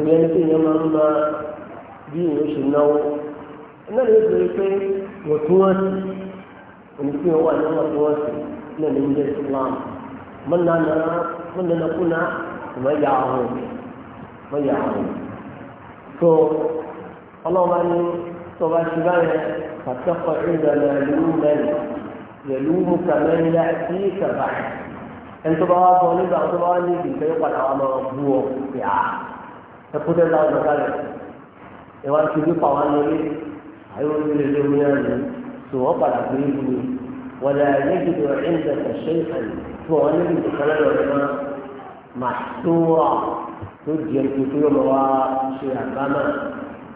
ìyẹn ní kí ìyẹn máa ń máa bí ìyẹn ṣe náwó náà lè béèrè pé wọ́n tún wọ́n sí òní kí wọ́n wà ní wọ́n tún wọ́n sí náà lè ń jẹ́ Islam mọ́nà náà mọ́nà náà yà áhùn ìmọ̀ yà áhùn tó ọlọ́wọ́ bá ní tó bá ṣe báyẹn فتقع إذا ملوما يلومك من يأتيك بعد أنت بقى ظالم بقى ظالم لكي تيقع العامة ربوه في عهد تقول الله مثلا إذا كنت طوانا لي أيوه من الجميان سوقع بريدني ولا يجد عندك شيئا طوانا لي بخلال العلماء محصورة تجي أن تكون رواء شيئا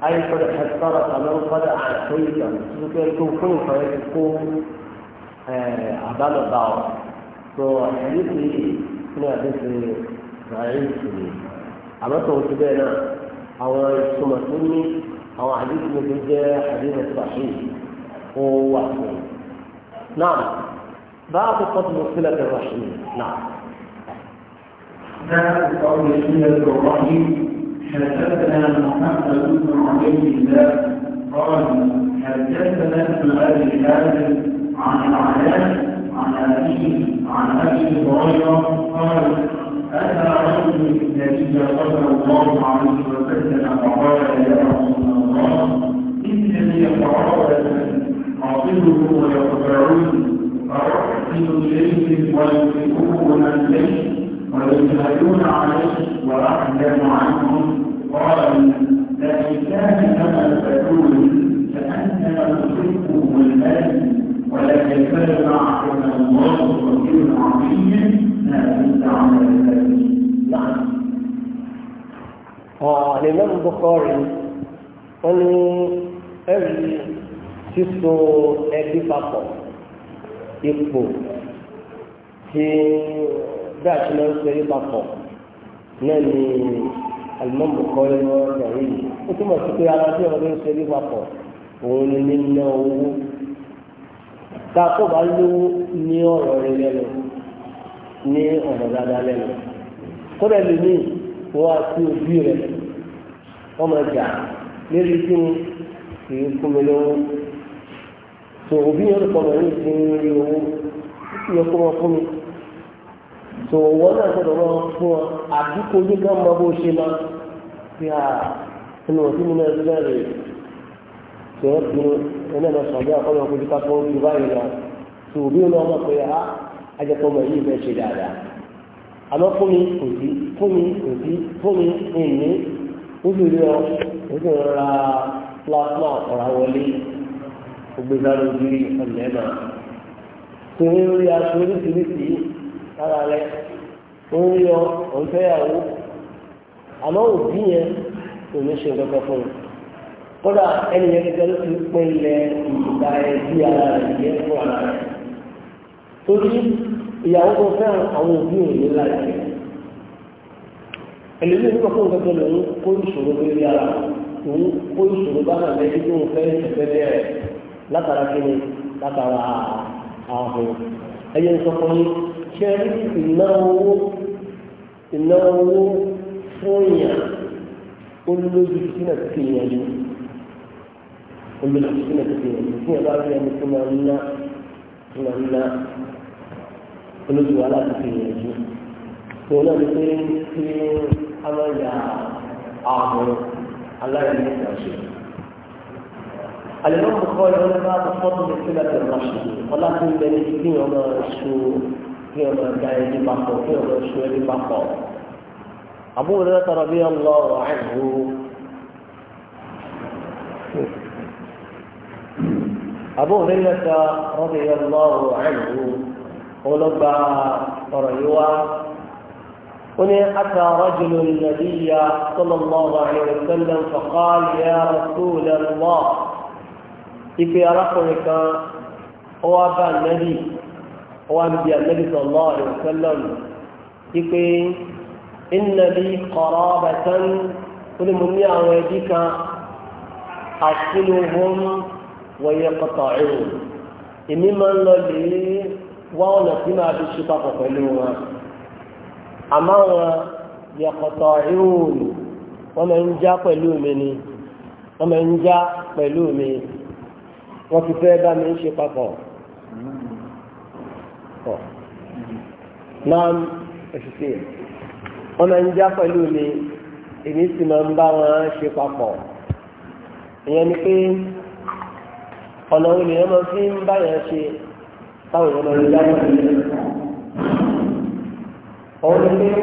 أي قد حصرت من قد أعطيته ممكن يكون خوفا يكون عبال آه، الضعف فحديثي هنا حديث ضعيف أما توجدنا أو يسمى سني أو حديث مجدد حديث صحيح هو نعم بعض قتل صلة الرحيم نعم ذا قول صلة الرحيم حدثنا محمد بن عبيد الله قال حدثنا ابن ابي حازم عن العلاء عن ابيه عن ابي هريره قال اتى رجل النبي صلى الله عليه وسلم فقال يا رسول الله انني قرابه اعطيه ويقبلوني فارحل اليهم من اليه ويجهلون عليه واعلم عنهم قال لئن كان كما تقول فأنت تصيبه الآن ولكن كان معكم الله وكيل عظيم ما كنت عمل الإمام البخاري wọ́n ní ẹ̀rí síso ẹbí papọ̀ ipò tí bí a ti máa ń so ẹbí papọ̀ náà ni alimọ́mù kọ́ lé wọn lọ́rọ̀ yìí ó túmọ̀ sí pé ara tí ọ̀rọ̀ ló ń ṣe ní papọ̀ òun ni níná owó tá a kọ́ bá lówó ní ọ̀rọ̀ rẹ lẹ́nu ní ọ̀rọ̀ dáadáa lẹ́nu kódà lè ní wọ́n á sí òbí rẹ̀ wọ́n máa jà lérí kí ni kì í fún mi lówó tó òbí yẹn lọ́pọ̀ mọ̀ ní ìsinmi rí owó yẹ kó wọn fún mi tó wọ́n náà gbọ́dọ̀ wọn fún wọn àdúgbò yìí kan mọ bó ṣe máa pé à nínú òtí mi náà bẹ̀rẹ̀ tẹ̀ ẹ́ bí ẹni ẹ̀rọ sọ̀rọ̀ àkọ́lọ́ ọkùnrin ká tó ń ju báyìí lọ tó òbí ọ̀nà ọmọ pé á ah, ajẹ́pọ̀ ọmọ yìí fẹ́ ṣe dáadáa àmọ́ fún mi kò sí fún mi kò sí fún mi ìní ó sì rí ọ ó sì rọra plasma ọ̀rá wọlé gbogbo lórí ọ̀lẹ́ náà torí orí aṣọ oríṣiríṣi lára rẹ orí ọ ọ̀fẹ́ àwọn àmọ́ òbí yẹn kò ní ṣe nǹkan kan fún un kódà ẹni yẹn gẹ́gẹ́ ló ti pinlẹ̀ ìgbà ẹbí ara rẹ̀ yẹn fún ara rẹ̀ torí ìyàwó kan fẹ́ràn àwọn òbí òun ní láti ẹlẹ́yìn nípa fún nǹkan kan lòun kó ìṣòro lórí ara òun kó ìṣòro bá náà lẹ́yìn tó ń fẹ́ ìfẹ́ bẹ́ẹ̀ látara kí látara ààbò ẹ̀yẹ ń sọ fún yín ṣé ìnáwó ìnáwó fún yàn olójú sínú àti yàn ni olójú sínú àti yàn ni fún yàn bá rí ẹni tó máa ń ná tó máa ń ná olójú wàhálà àti yàn ni tó náà ní pé kí a máa yà àwọn aláìní ìdájọ́. الإمام البخاري هنا بعد فضل صلة الرحم ولكن بني كيما شو كيما قاعد يبقى كيما شو يبقى أبو هريرة رضي الله عنه أبو هريرة رضي الله عنه قلب رأيوا هنا أتى رجل النبي صلى الله عليه وسلم فقال يا رسول الله إذا أرقنك هو أبا النبي هو أنبياء النبي صلى الله عليه وسلم إذا inna li qarabatan ó ní mo ní àwọn ẹbí kan asiluhum wa yaqta'un èmi máa ń lọ lè wá ọ̀nà tí màá fi ṣe papọ̀ pẹ̀lú wọn àmọ́ wọn yaqta'un wọ́n máa ń já pẹ̀lú mi ni wọ́n máa ń já pẹ̀lú mi wọ́n ti fẹ́ bá mi ṣe papọ̀. Naam, ẹ ṣe wọ́n máa ń já pẹ̀lú mi èmi sì máa ń bá wọn ṣe papọ̀ ìyẹn ni pé ọ̀nà òun lèèyàn máa fi ń bá yẹn ṣe táwọn èèyàn máa ń já pẹ̀lú mi. òun ni pé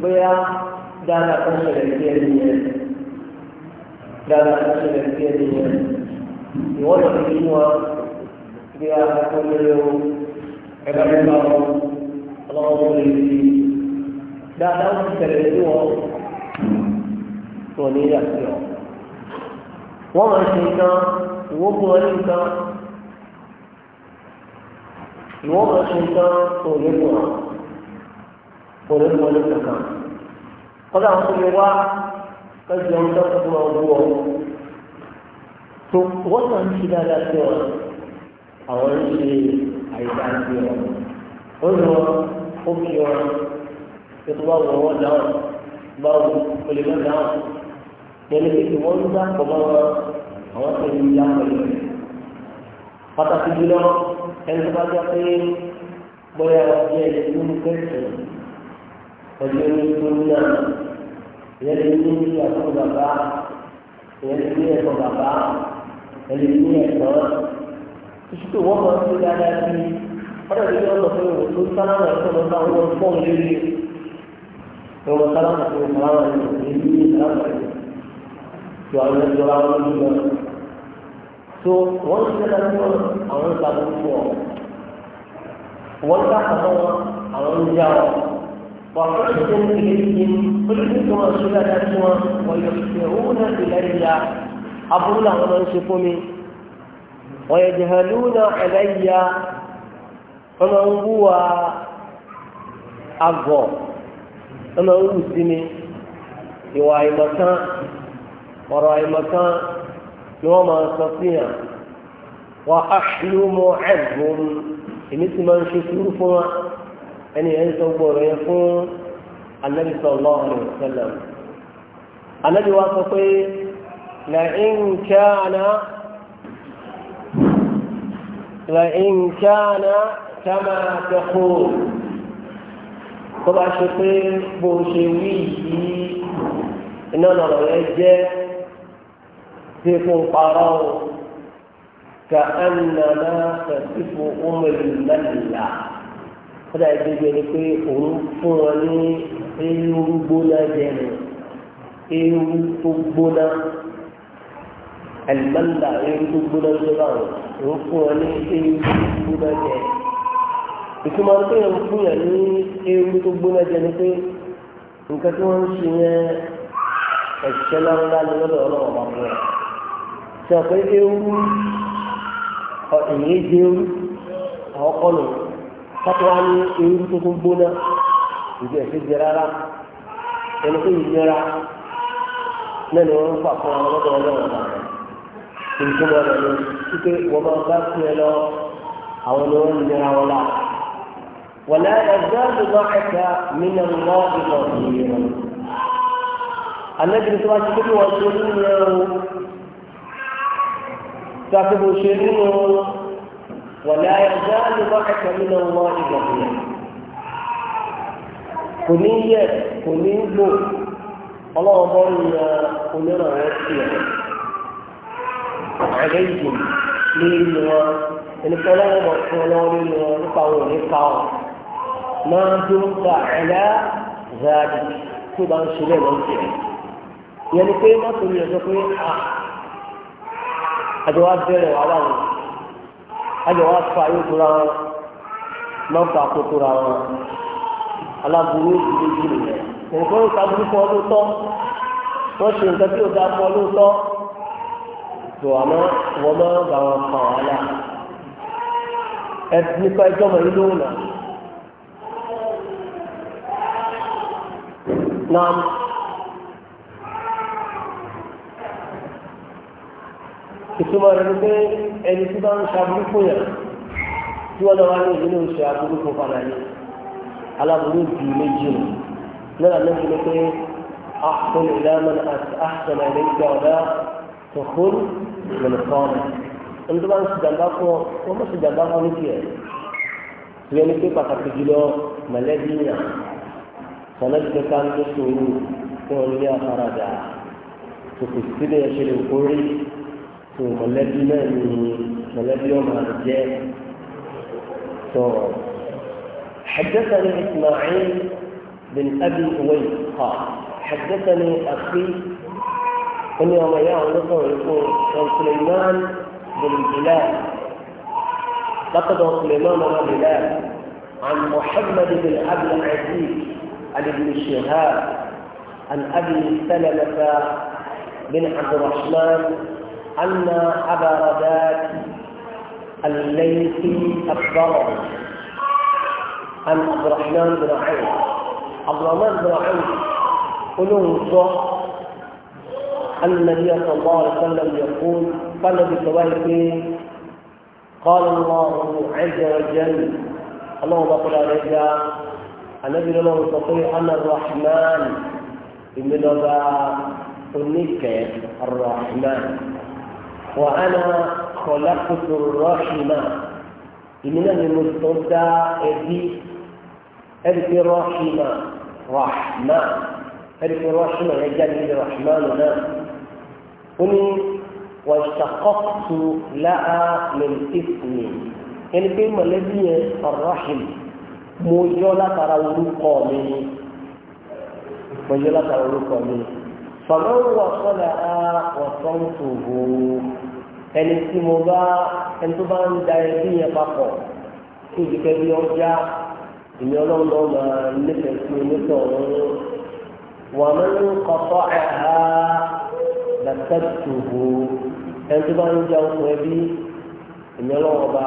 bóyá dáadáa kan ṣẹlẹ̀ sí ẹni yẹn dáadáa kan ṣẹlẹ̀ sí ẹni yẹn ìwọ́n lọ sí wọn bí a kọ́ lé ẹ̀ka mẹ́ta wọn dáadáa ó ti tẹ̀lé sí wọn tó ní ìyá sí ọ. wọ́n máa ṣe nǹkan ìwọ́n fún wọn ní nǹkan ìwọ́n máa ṣe nǹkan tó ní fún wọn kò ní fún wọn ní kankan. kọ́dà wọn tó lè wá lọ́jọ́ ọjọ́ tó fún wọn wú tó wọ́n máa ń ṣe dáadáa sí ọ àwọn ń ṣe àyíká sí ọ. ó lọ ó fi ọ pé tó bá wọ wọn dáhùn bá wọ olè náà dáhùn lẹ́nu pé kí wọ́n ń dá pọ̀ mọ́ wọn àwọn tó ń yá pẹ̀lú rẹ̀. pàtàkì jùlọ ẹni tó bá jẹ́ pé bóyá ọjọ́ ẹ̀jẹ̀ tó ń kẹ́sìn ọjọ́ ẹni tó ń yá ìyẹn lè ní ìyàtọ̀ bàbá ìyẹn ní ẹ̀kọ́ bàbá ìyẹn ní ẹ̀kọ́ ìṣúkè wọ́n máa ń dáadáa sí ọ̀rẹ́ mi yọ̀ fún ìwòsàn sálámà ẹ̀kọ́ lọ́ta wọn fọ́ọ̀mù lórí Kalau salah satu salah ini salah Jualan jualan juga. So orang kita semua awal satu semua. Orang semua awal jauh. وقدم إليهم فلهم رسولنا ويحسرون إلي أقول لهم أنصفني ويجهلون علي فمن هو أقوى ọmọ ń wù sí ni ìwà àìmọ̀kan ọ̀rọ̀ àìmọ̀kan ni wọ́n máa sọ sí yàn wà á ló mọ ẹ̀gbọ́n èmi sì máa ń ṣe sùúrù fún wa ẹni ẹ̀ ń sọ gbọ́rọ̀ yẹn fún anabi sallallahu alaihi wasallam wa sọ pé la'in kana la'in kana kama taqul tó bá ṣe pé bó ṣe wí yìí iná lọ̀rọ̀ rẹ jẹ́ tí fún parọ́ ka ẹnana fẹ̀sífò ọmọlùmọ́lá ó dà bí ẹgbẹ́ ni pé òun fún wọn ní eérú gbóná jẹnu eérú tó gbóná ẹlùmọ́lá eérú tó gbóná jẹ báwọn òun fún wọn ní eérú tó gbóná jẹnu ìtumọ̀ pé ń fún yàn ní ewu tó gbóná jẹ ni pé nǹkan tí wọ́n ń ṣe yẹn ẹ̀ṣẹ̀ láńlá ni lọ́dọ̀ ọlọ́wọ́ bá fún yàn tí a pé ewu èyí jẹ ewu àwọn kọlù kátó wá ní ewu tó tún gbóná ìdí ẹ̀ṣẹ̀ jẹ rárá ẹni tó yìí yẹra náà ni wọ́n ń fà fún wọn lọ́dọ̀ ọlọ́wọ́ bá ìtumọ̀ rẹ̀ ni wípé wọ́n máa ولا يزال معك من الله ظهيرا النبي صلى الله عليه وسلم وسلم ولا يزال معك من الله ظهيرا كنية كنية الله أظن كنيرة وسيا عليكم لين يعني كلام وكلام وقول وقول máa ń dún pa ẹ̀dá zaadi tó bá ń ṣe bẹ́ẹ̀ lọ́n tẹ̀. ìyẹn ni pé mọ́tò mi sọ pé à àjọ wa bẹ̀rẹ̀ wà láwọn àjọ wa fa yóò tóra wọn máa ń fa kó tóra wọn aláburú ìdílé jù nìyẹn. nǹkan ń sábúrú fún ọ lóòótọ́ wọ́n ṣe nǹkan tí ó dáa fún ọ lóòótọ́ tó àmọ́ wọ́n máa ń bá wọn kàn wá lá. nípa ẹjọ́ mọ̀ yín lóhùn náà. náà ìtumọ̀ rẹ̀ ni pé ẹni tí bá ń ṣàbùrú fún yàn tí wọ́n lọ́wọ́ ní ìlú ṣe àbúrú fún padà yìí aláburú ju méjì nù náà lọ́sí ni pé أحسن إلى من أحسن إليك ولا تخل من قامت ẹni tó فلجت عنه الشهود فقل خرجا تكسر يا شيخ ثم الذي ماني فالذي يوم الرجال حدثني اسماعيل بن ابي اويس قال حدثني اخي ان يوم يعلق يقول سليمان بن بلال لقد سليمان بن بلال عن محمد بن عبد العزيز عن ابن شهاب عن أبي سلمة بن عبد الرحمن أن أبا رداد الليثي أخبره عن عبد الرحمن بن عوف عبد الرحمن بن عوف قلوه أن النبي صلى الله عليه وسلم يقول قال بسوائك قال الله عز وجل اللهم صل على أنا لما وصفه أن الرحمن من ذا أنك الرحمن وأنا خلقت الرحمة من المستودع أبي أبي الرحمة رحمة أبي الرحمة يجعل الرحمن أنا أني واشتققت لها من اسمي يعني كلمة الذي الرحم mo yọ látara orúkọ mi ni mo yọ látara orúkọ mi ni fàmọ́ wọ̀sọ́lá wọ̀sọ́ntòhò ẹni tí mo bá ẹni tó bá ń da ẹbí yẹn papọ̀ tó ti kẹ́ bí ọjà ìní ọlọ́run máa nífẹ̀ẹ́ sí onítọ̀ ọ̀hún wọ́n máa ń kọ́kọ́ ẹ̀ha làtẹ́tòhò ẹni tó bá ń ja okùn ẹbí ìní ọlọ́run ọba.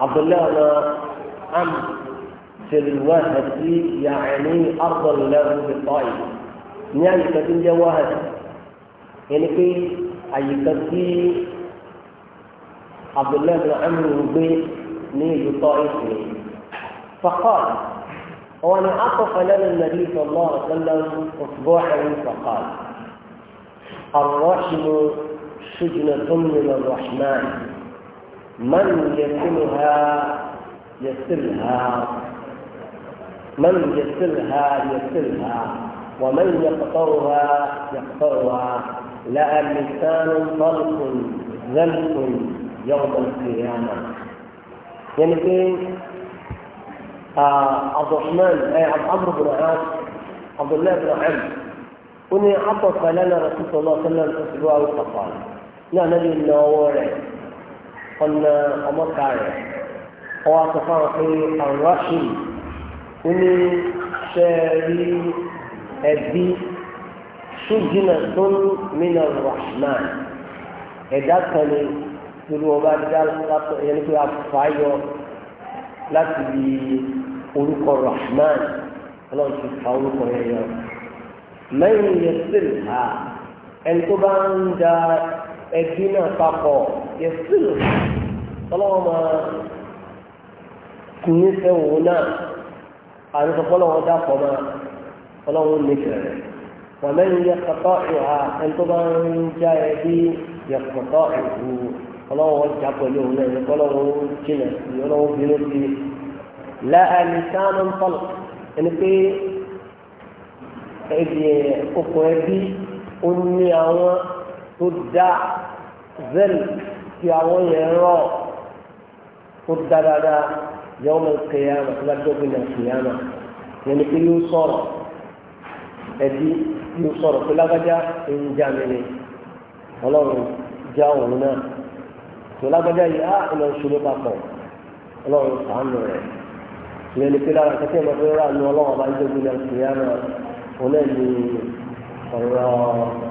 عبد الله بن الواحد الوهدي يعني أرض الله بالطائف يعني كتن جواهد يعني كي أي كتن عبد الله بن عمرو بن نيجي الطائف فقال وأنا عطف لنا النبي صلى الله عليه وسلم أسبوعا فقال الرحم سجنة من الرحمن من يسلها يسلها من يسلها يسلها ومن يقطرها يقطرها لها لسان طلق ذلك يوم القيامة يعني في آه، عبد الرحمن أي آه، عبد عمرو بن عاص عبد الله بن عمرو أني عطف لنا رسول الله صلى الله عليه وسلم أسبوع فقال لا نجد الله ọ̀nà ọmọta rẹ̀ ọwọ́ sọ fún àwọn pé àwọn rọ́ṣìn ó ní ṣe rí ẹbí ṣújìnà tó ń mìíràn rahman ẹ̀dá kan ní irú ọba dá látọ̀ yẹn pé àfàyọ láti di orúkọ rahman ọlọ́run ti fa orúkọ yẹn yọ mẹ́rin yẹn sílẹ̀ ha ẹni tó bá ń da ẹbí náà papọ̀ yẹ sílù ọlọ́wọ́ máa nífẹ̀ẹ́ òun náà àti sọpọ́lọ́ wọn dàpọ̀ máa ọlọ́wọ́ nífẹ̀ẹ́ rẹ̀ wàmẹ́rin yẹ kọ́tọ́ ìhà ẹni tó bá ń já ẹbí yẹ kọ́tọ́ ìhù ọlọ́wọ́ já pẹ̀lú òun náà ẹ̀kọ́ lọ́wọ́ jìnà sí ọlọ́wọ́ bínú sí láàrin sáánù ń tọ́lọ̀ ẹni pé ẹbí okùn ẹbí ó ní àwọn tó dá zẹ́lì tí àwọn yẹn rọ̀ tó dá dáadáa yọ̀ọ́ mọ̀ kéyàmà tó bá dọ́gbìn náà kéyàmà yẹn ni pé yóò sọ̀rọ̀ ẹbí yóò sọ̀rọ̀ pé lágbájá ń já mi ni ọlọ́run já òun náà tó lágbájá yìí á ah, ìlọ ìṣòro papọ̀ ọlọ́run sàánù rẹ̀ ìyẹn ni pé lára kẹ́kẹ́ ìmọ̀ fẹ́ rà ní ọlọ́run àbájọ́ gbé náà kéyàmà ọ̀rọ̀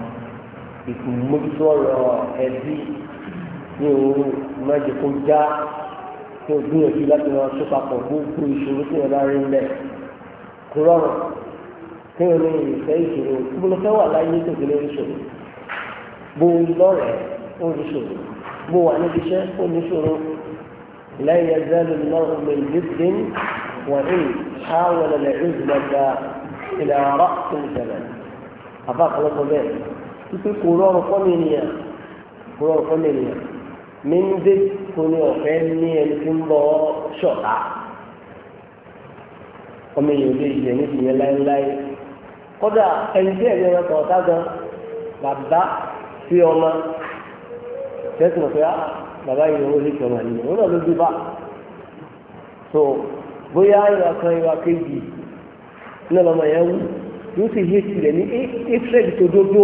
ìmójútó ọ̀rọ̀ ẹbí ní òun mẹ́jọ kó já kí o gbìyànjú láti máa tó papọ̀ gbogbo ìṣòro tí wọn bá rí ńlẹ̀ kó rọrùn kí o ní ìfẹ́ ìṣòro kí mo fẹ́ wà láyé tó kéré ìṣòro bó lọ́rẹ̀ẹ́ ó ní ìṣòro bó wà níbi iṣẹ́ ó ní ìṣòro lẹ́yìn ẹgbẹ́ lórí náà ó lè dídín wọ́n ń ṣáwọ́n lẹ́yìn ìlànà rọ́ọ̀tún ìṣẹ̀lẹ̀ àbá àkọlọ́kọ bẹ́ẹ̀ wípé kò rọrùn fọ́mi ènìyàn kò rọrùn fọ́mi ènìyàn mi ń dé kò ní ọ̀fẹ́ ní ẹni tí ń bọ ṣọ̀tá ọmọ èèyàn lè yẹ níbi yẹn láéláé kódà ẹni tí ẹ̀yẹ wọn kàn ọ̀tá gan bàbá sí ọmọ tẹ́sán pé á bàbá yìí ó lè jọmọ yìí wọn náà ló dé bá so bóyá ìwà kan ìwà kejì náà lọmọ yẹn wú yóò sì yé tirẹ̀ ní ìtírẹ̀dì tó dódó.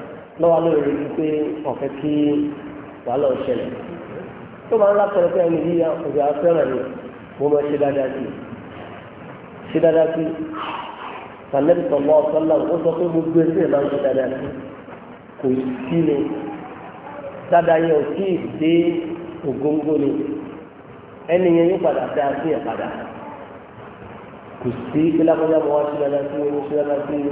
lọ́wọ́ lórí rí pé ọ̀fẹ́ kí wàhálà ọ̀ṣẹlẹ̀ tó máa ń lápẹ̀rẹ̀ pé ẹni yíya ọ̀gá fẹ́ràn ni mo máa ṣe dáadáa sí ṣe dáadáa sí sàlẹ́bí sọ̀mọ́ ọ̀sánlá ó sọ pé gbogbo ẹsẹ̀ máa ń ṣe dáadáa sí kò sí ni dáadáa yẹn ò tí ì dé ògóńgó ni ẹni yẹn yóò padà dá sí ẹ̀ padà kò sí pé lápẹ́jà mo wá ṣe dáadáa sí mo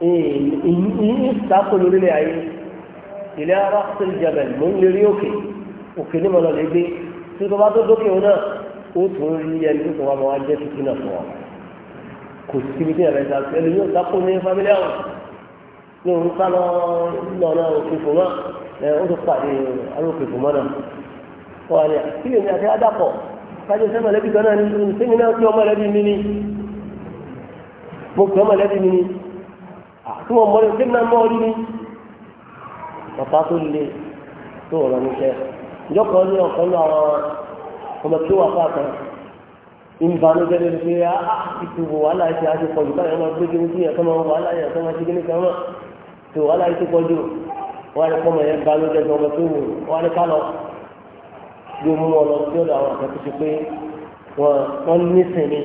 ìyí ìsàkó lórílẹ̀ ayé ilẹ̀ ara ṣe ìjàbẹ̀ mò ń lérí òkè òkè ní mọ̀nà lè gbé tí tó bá tó dókè òun náà ó tún rí ẹni tó wà máa jẹ́ tuntun náà fún wa kò sí ibi tí ẹ̀rẹ́ ta sí ẹni yóò sákó ní fámílì àwọn ní òun sá lọ lọ náà òkè fún mọ́ ẹ ó tún pàdé àwọn òkè fún mọ́ náà wọ́n á ní kí lèmi àti adapọ̀ kájọ sẹ́mi náà àti ah, wọn mọ ní ọdún náà mọ rí ni bàbá tó le tó rọ níṣẹ́ ìjọ kan ní ọkàn ní àwọn ọmọ tí ó wà fáàkàn ìbànújẹ́ lórí pé á ah, ah, ìtòwò wàhálà ìṣe àti pọ̀jù báyìí wọn gbé kí wọn yẹ kọ́mọ wàhálà yẹ kọ́mọ ṣe kíní kan mọ̀ tó wàhálà ìṣe pọ̀jù wọn á ní kọ́mọ yẹn bànújẹ́ tó ọmọ tó wù wọn á ní ká lọ mú ọ lọ sí ọ̀dọ̀ àwọn àkàtúntò ṣe pé wọn ní sẹ́ni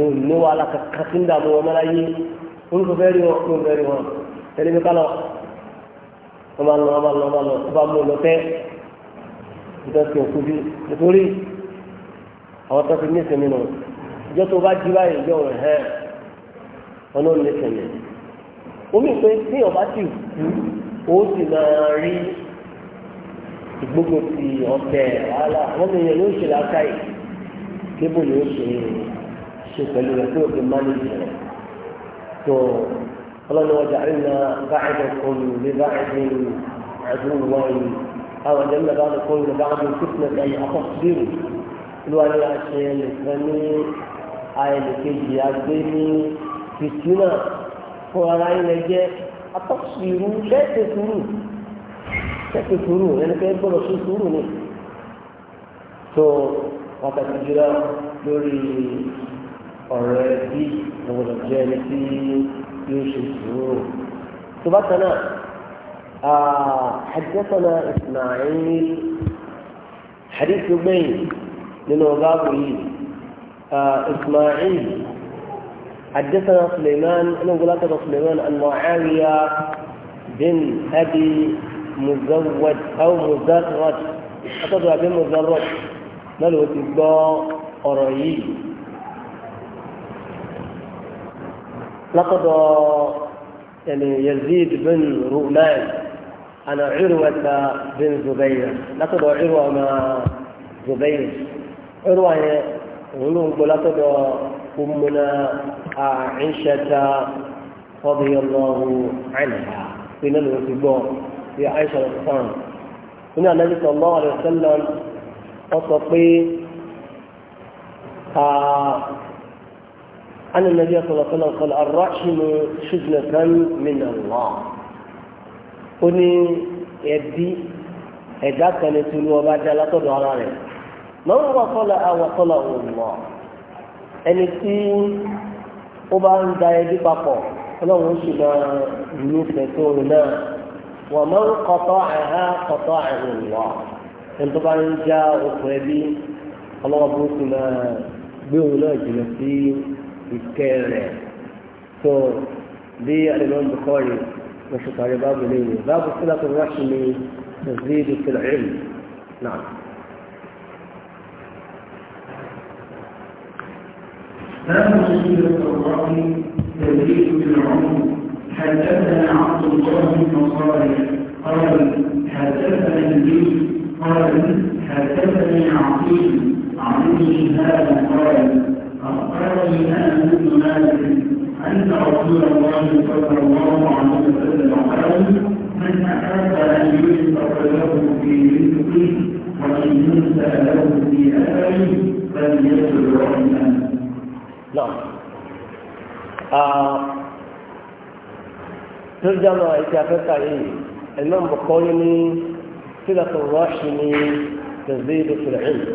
òun ní wàhálà kankan ń dààmú wọn orúkọ bẹ́ẹ̀ rí wọn ló bẹ́ẹ̀ rí wọn tẹ̀lé mi kálọ̀ wọ́n bá lọ wọ́n bá lọ wọ́n bá lọ wọ́n bá mú un lọ tẹ́ ìtọ́sí òkúdú nítorí àwọn tó ti ní ìsinmi nù ìjọ tó bá jí báyìí ìjọ rẹ̀ hẹ́ wọn ló ní ìsinmi omi pé tí ti kú ó sì ti ọ̀tẹ̀ wàhálà wọn ní ìyẹn ló ń ṣe làákàyè kébù ló ń ṣe ṣe pẹ̀lú rẹ̀ pé òkè mánéjì rẹ̀ tó ọlọ́ni wọ́n jàre na báyìí kún lè báyìí àdúrà wáyé àwọn jẹ́ nígbà báyìí kún lè báyìí kúkúrẹ́ báyìí akọ́sílẹ̀ olúwarí àṣẹ nìkan ní àìlèkejì àgbé ní fìtínà fún ara ilẹ̀ jẹ́ akọ́sílẹ̀ lẹ́sẹ̀ sùúrù lẹ́sẹ̀ sùúrù ẹni pé gbọ́dọ̀ sí sùúrù ni tó pàtàkì jùlọ lórí ọ̀rọ̀ ẹbí. òun lọ jẹ́ ẹni حدثنا إسماعيل حديث بين من وبابه آه، إسماعيل حدثنا سليمان أنا أقول سليمان أن معاوية بن أبي مزود أو مزرد أتدرى بن مزرد ما هو تبقى لقد يعني يزيد بن رومان أنا عروة بن زبير لقد عروة ما زبير عروة ونقول لقد أمنا عائشة رضي الله عنها من الوسبوع في عائشة الإنسان هنا النبي صلى الله عليه وسلم وصفي أن النبي صلى الله عليه وسلم قال الرحم شجنة من الله ó ní ẹbí ẹ̀dá kan ní tolú ọba dá látọ̀dọ̀ ara rẹ̀ lọ́wọ́ wà kọ́lá àwọn kọ́lá òmùmọ̀ ẹni tí ó bá ń da ẹbí papọ̀ ọlọ́run sì máa nífẹ̀ẹ́ tó rìn náà wọ́n máa ń kọ́tọ́ àhá kọ́tọ́ àhìnwá ẹni tó bá ń já okùn ẹbí ọlọ́wọ́ bó sì máa gbé òun náà jìnnà sí ìkẹrẹ tó bí alimọ́n bukọ́rì wọ́n ṣe parí báàbù lẹ́yìn báàbù sílá tó rọ́ṣì ní tẹ̀síìdì tẹ̀lẹ́rì náà. باب سيدة الرحم تزيد بالعمر حدثنا عبد الله بن صالح قال حدثنا الجيش قال حدثني عقيل عن ابن شهاب قال الإمام ابن مالك أن رسول الله صلى الله عليه وسلم قال من أن له في وأن له في نعم. الإمام صلة الرحم تزيد في العلم.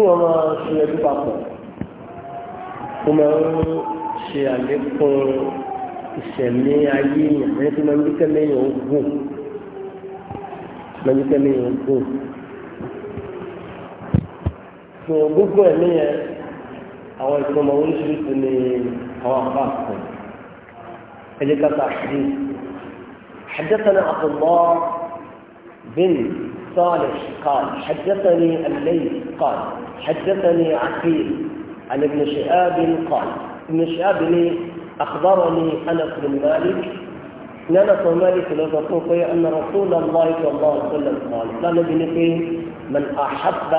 هو ما شيء يقول ó máa ń ṣe àlékún ìṣẹ̀lẹ̀ ayé yẹn ẹni tó máa ń dúkẹ́ lẹ́yìn ogún máa ń dúkẹ́ lẹ́yìn ogún. tó gbogbo ẹ̀mí yẹn àwọn máa ń ṣe oríṣiríṣi ni àwọn àpá àpò ẹ̀jẹ̀ kàtà àdé حدثنا عبد الله بن صالح قال حدثني الليث قال حدثني عقيل عن ابن شهاب قال ابن شهاب أخبرني أنس بن مالك أنس بن مالك لو أن رسول الله صلى الله عليه وسلم قال قال ابنتي من أحب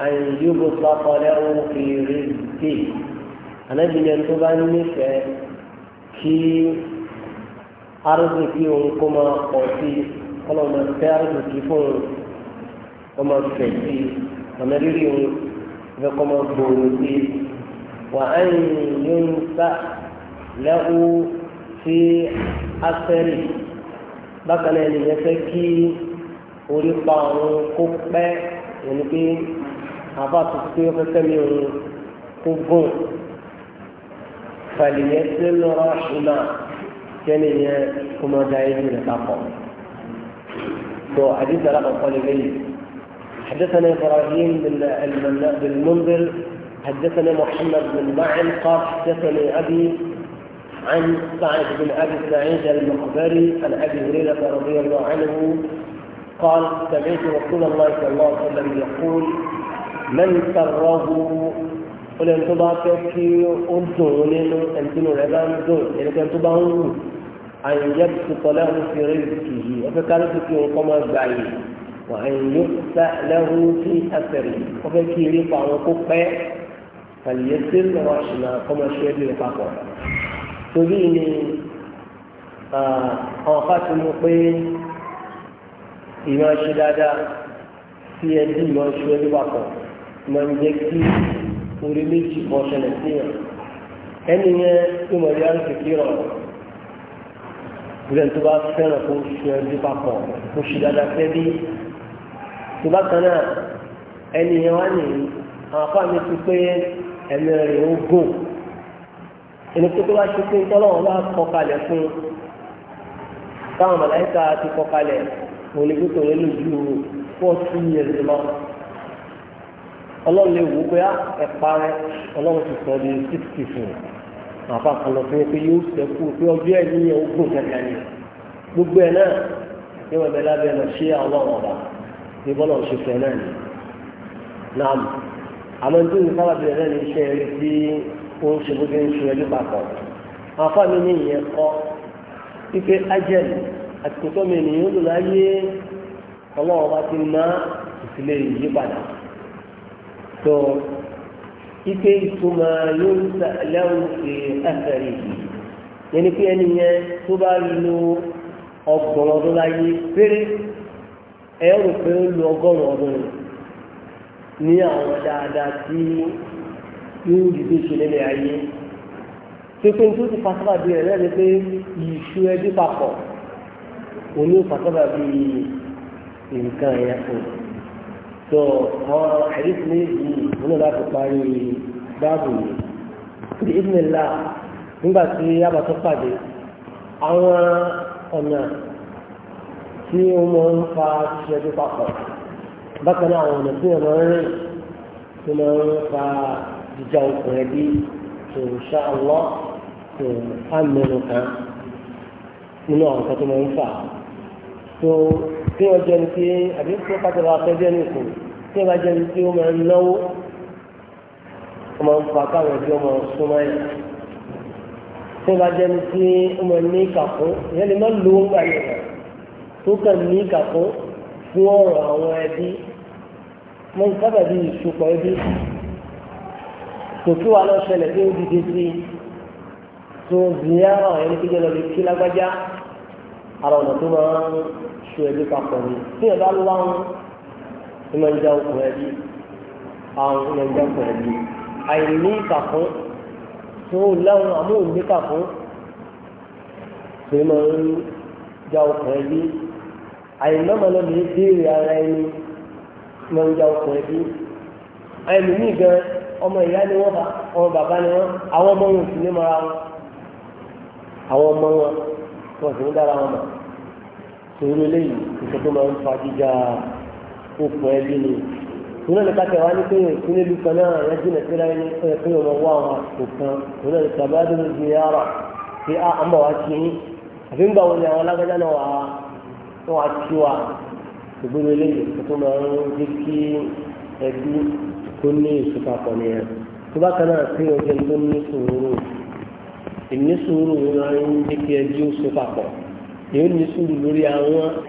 أن يبسط له في رزقه أنا بنتي بنتي كي arziki في kó máa pọ̀ من ọlọ́run máa fẹ́ arziki fún òun fẹ́ kọ́ mọ́ gbòòrò sí i wà á yún sá lẹ́hu sí afẹ́rì bákan náà ènìyàn fẹ́ kí orí pa òun kó pẹ́ òun pé àbá tuntun pé fẹ́ fẹ́mi òun kó gùn fàlìyẹ sí lọ́rọ́ ṣùgbọ́n kẹ́ni yẹn kó mọ́ da ẹ̀yìn rẹ̀ papọ̀. tó àdìsí alákọ̀ọ́kọ́ lè léyìí. حدثنا إبراهيم بن المنذر حدثنا محمد بن معن قال حدثني أبي عن سعد بن أبي سعيد المقبري عن أبي هريرة رضي الله عنه قال سمعت رسول الله صلى الله عليه وسلم يقول من سره قل أن تباكي أدون أن تنعبان دون يعني كان تباهون أن يبسط له في رزقه وفكرتك يقوم بعيد wà á yẹ sá lẹ́hu sí ẹsẹ̀rì wọ́n fẹ́ kí eré pa àwọn kó pẹ́ kàlíyé sí lọ́wọ́ àṣìlá kọ́mọṣẹ́ bí rẹ̀ papọ̀ torí ni àwọn fásitì mú pé ìmọ̀ ṣe dáadáa sí ẹbí ìmọ̀ ṣe ẹbí papọ̀ máa ń jẹ́ kí orí méjì bọ́ ṣẹlẹ̀ sí yàn ẹni yẹn tó mọ̀ yára kìkì rọ̀ ìrẹ̀ tó bá fẹ́ràn kó ṣe ẹbí papọ̀ kó ṣe dáadáa sẹ́bí ìbákan náà ẹni yẹn wá nìyí àwọn afá mi ti pé ẹ̀mí rẹ̀ ó gùn ẹni tó tó wá ṣe pé tọ́lọ́wọ́n bá kọ kalẹ̀ fún un táwọn mọ̀láyíkà ti kọ kalẹ̀ òun ni gbótò rẹ̀ lójú fọ́ọ̀tù yẹn lọ ọlọ́run lè wò ó pé ah, ẹ̀pá rẹ ọlọ́run ti sọ di sixty fún un àbá kan lọ fún pé yóò sẹ́kù pé ọjọ́ ẹ̀ ní ogún kẹta ni gbogbo ẹ̀ náà ní wọn bẹ lábẹ́ lọ ṣé àwọn ọ̀rọ̀ ní bọ́lá ṣe fẹ́ náà ni náà àmọ́ tó ní sábàbí rẹ̀ ní iṣẹ́ rí tí ó ń ṣe gbogbo ń ṣe ẹlú papọ̀ àwọn fáàmì ní ìyẹn kọ́ wípé ajẹ́l àtìkò tó mi nìyẹn lò láyé ọlọ́run bá ti má ìsílẹ̀ yìí padà tó wípé ìtumọ̀ yóò lẹ́wọ̀n ṣe ẹsẹ̀ rẹ̀ yìí yẹn pé ẹni yẹn tó bá lo ọgbọ̀n ọdún láyé péré ẹ rò pé ó lu ọgọ́rùn-ún ọdún ní àwọn dáadáa tí yóò dìde ṣe lẹ́lẹ̀ ayé pépé tó ti fasábà bí rẹ̀ lẹ́nu pé ìṣú ẹbí papọ̀ òun ní fasábà bí nǹkan ẹ̀yà fún un tó àwọn àìrísí méjì òun náà láti parí báàbù yìí kí ìdílé ńlá nígbà tí yàbá tó pàdé àwọn ọ̀nà tí wọ́n máa ń fa ṣẹ́jú papọ̀ bákan náà àwọn ọ̀nà tí wọ́n máa ń rìn tí wọ́n máa ń fa jíjà okùn ẹbí tó ń ṣá ọlọ́ tó á mẹ́nu kan nínú àwọn kan tó máa ń fà tó tí wọ́n jẹ́ ni àbí tó pàtàkì wà fẹ́ jẹ́ ní tí wọ́n bá jẹ́ ni pé máa ń náwó wọ́n máa ń fa káwọn ẹbí wọ́n máa ń tí wọ́n bá jẹ́ ni pé máa ń ní ìkàkùn ìyẹn lè má lówó ń gbà yẹn tó kàn ní ìkàkọ́ fún ọ̀rọ̀ àwọn ẹbí mo ń sábà bí ìṣùpọ̀ ẹbí kò kí wàá lọ ṣẹlẹ̀ pé ó dìde sí i tó ziyara ẹni tó jẹ́ lọ́ọ́ lè kí lágbájá ara ọ̀nà tó máa ń ṣe ẹbí papọ̀ ni tí ẹ bá láwọn tó máa ń já okùn ẹbí àwọn tó máa ń já okùn ẹbí àìní ìkàkọ́ tó láwọn àmóhùn níkàkọ́ tó máa ń já okùn ẹbí. àìmọ́mọ́ ló lè béèrè ara ẹni máa ń ya na bí ẹlòmíì gan ọmọ ìyá ni wọ́n bá ọmọ bàbá ni wọ́n àwọn ọmọ wọn sì mara wọn àwọn ọmọ wọn wọn sì ń dára wọn mọ̀ torí nǹkan tó máa ń fa jíjà ni tó wá tí wa ìgbóni eléyìí tó máa ń jẹ́ kí ẹbí tó ní ìsopapọ̀ nìyẹn tó bá kan náà pín oúnjẹ tó ní sùúrù ìní sùúrù máa ń jẹ́ kí ẹbí ó sopapọ̀ èyí ní sùúrù lórí àwọn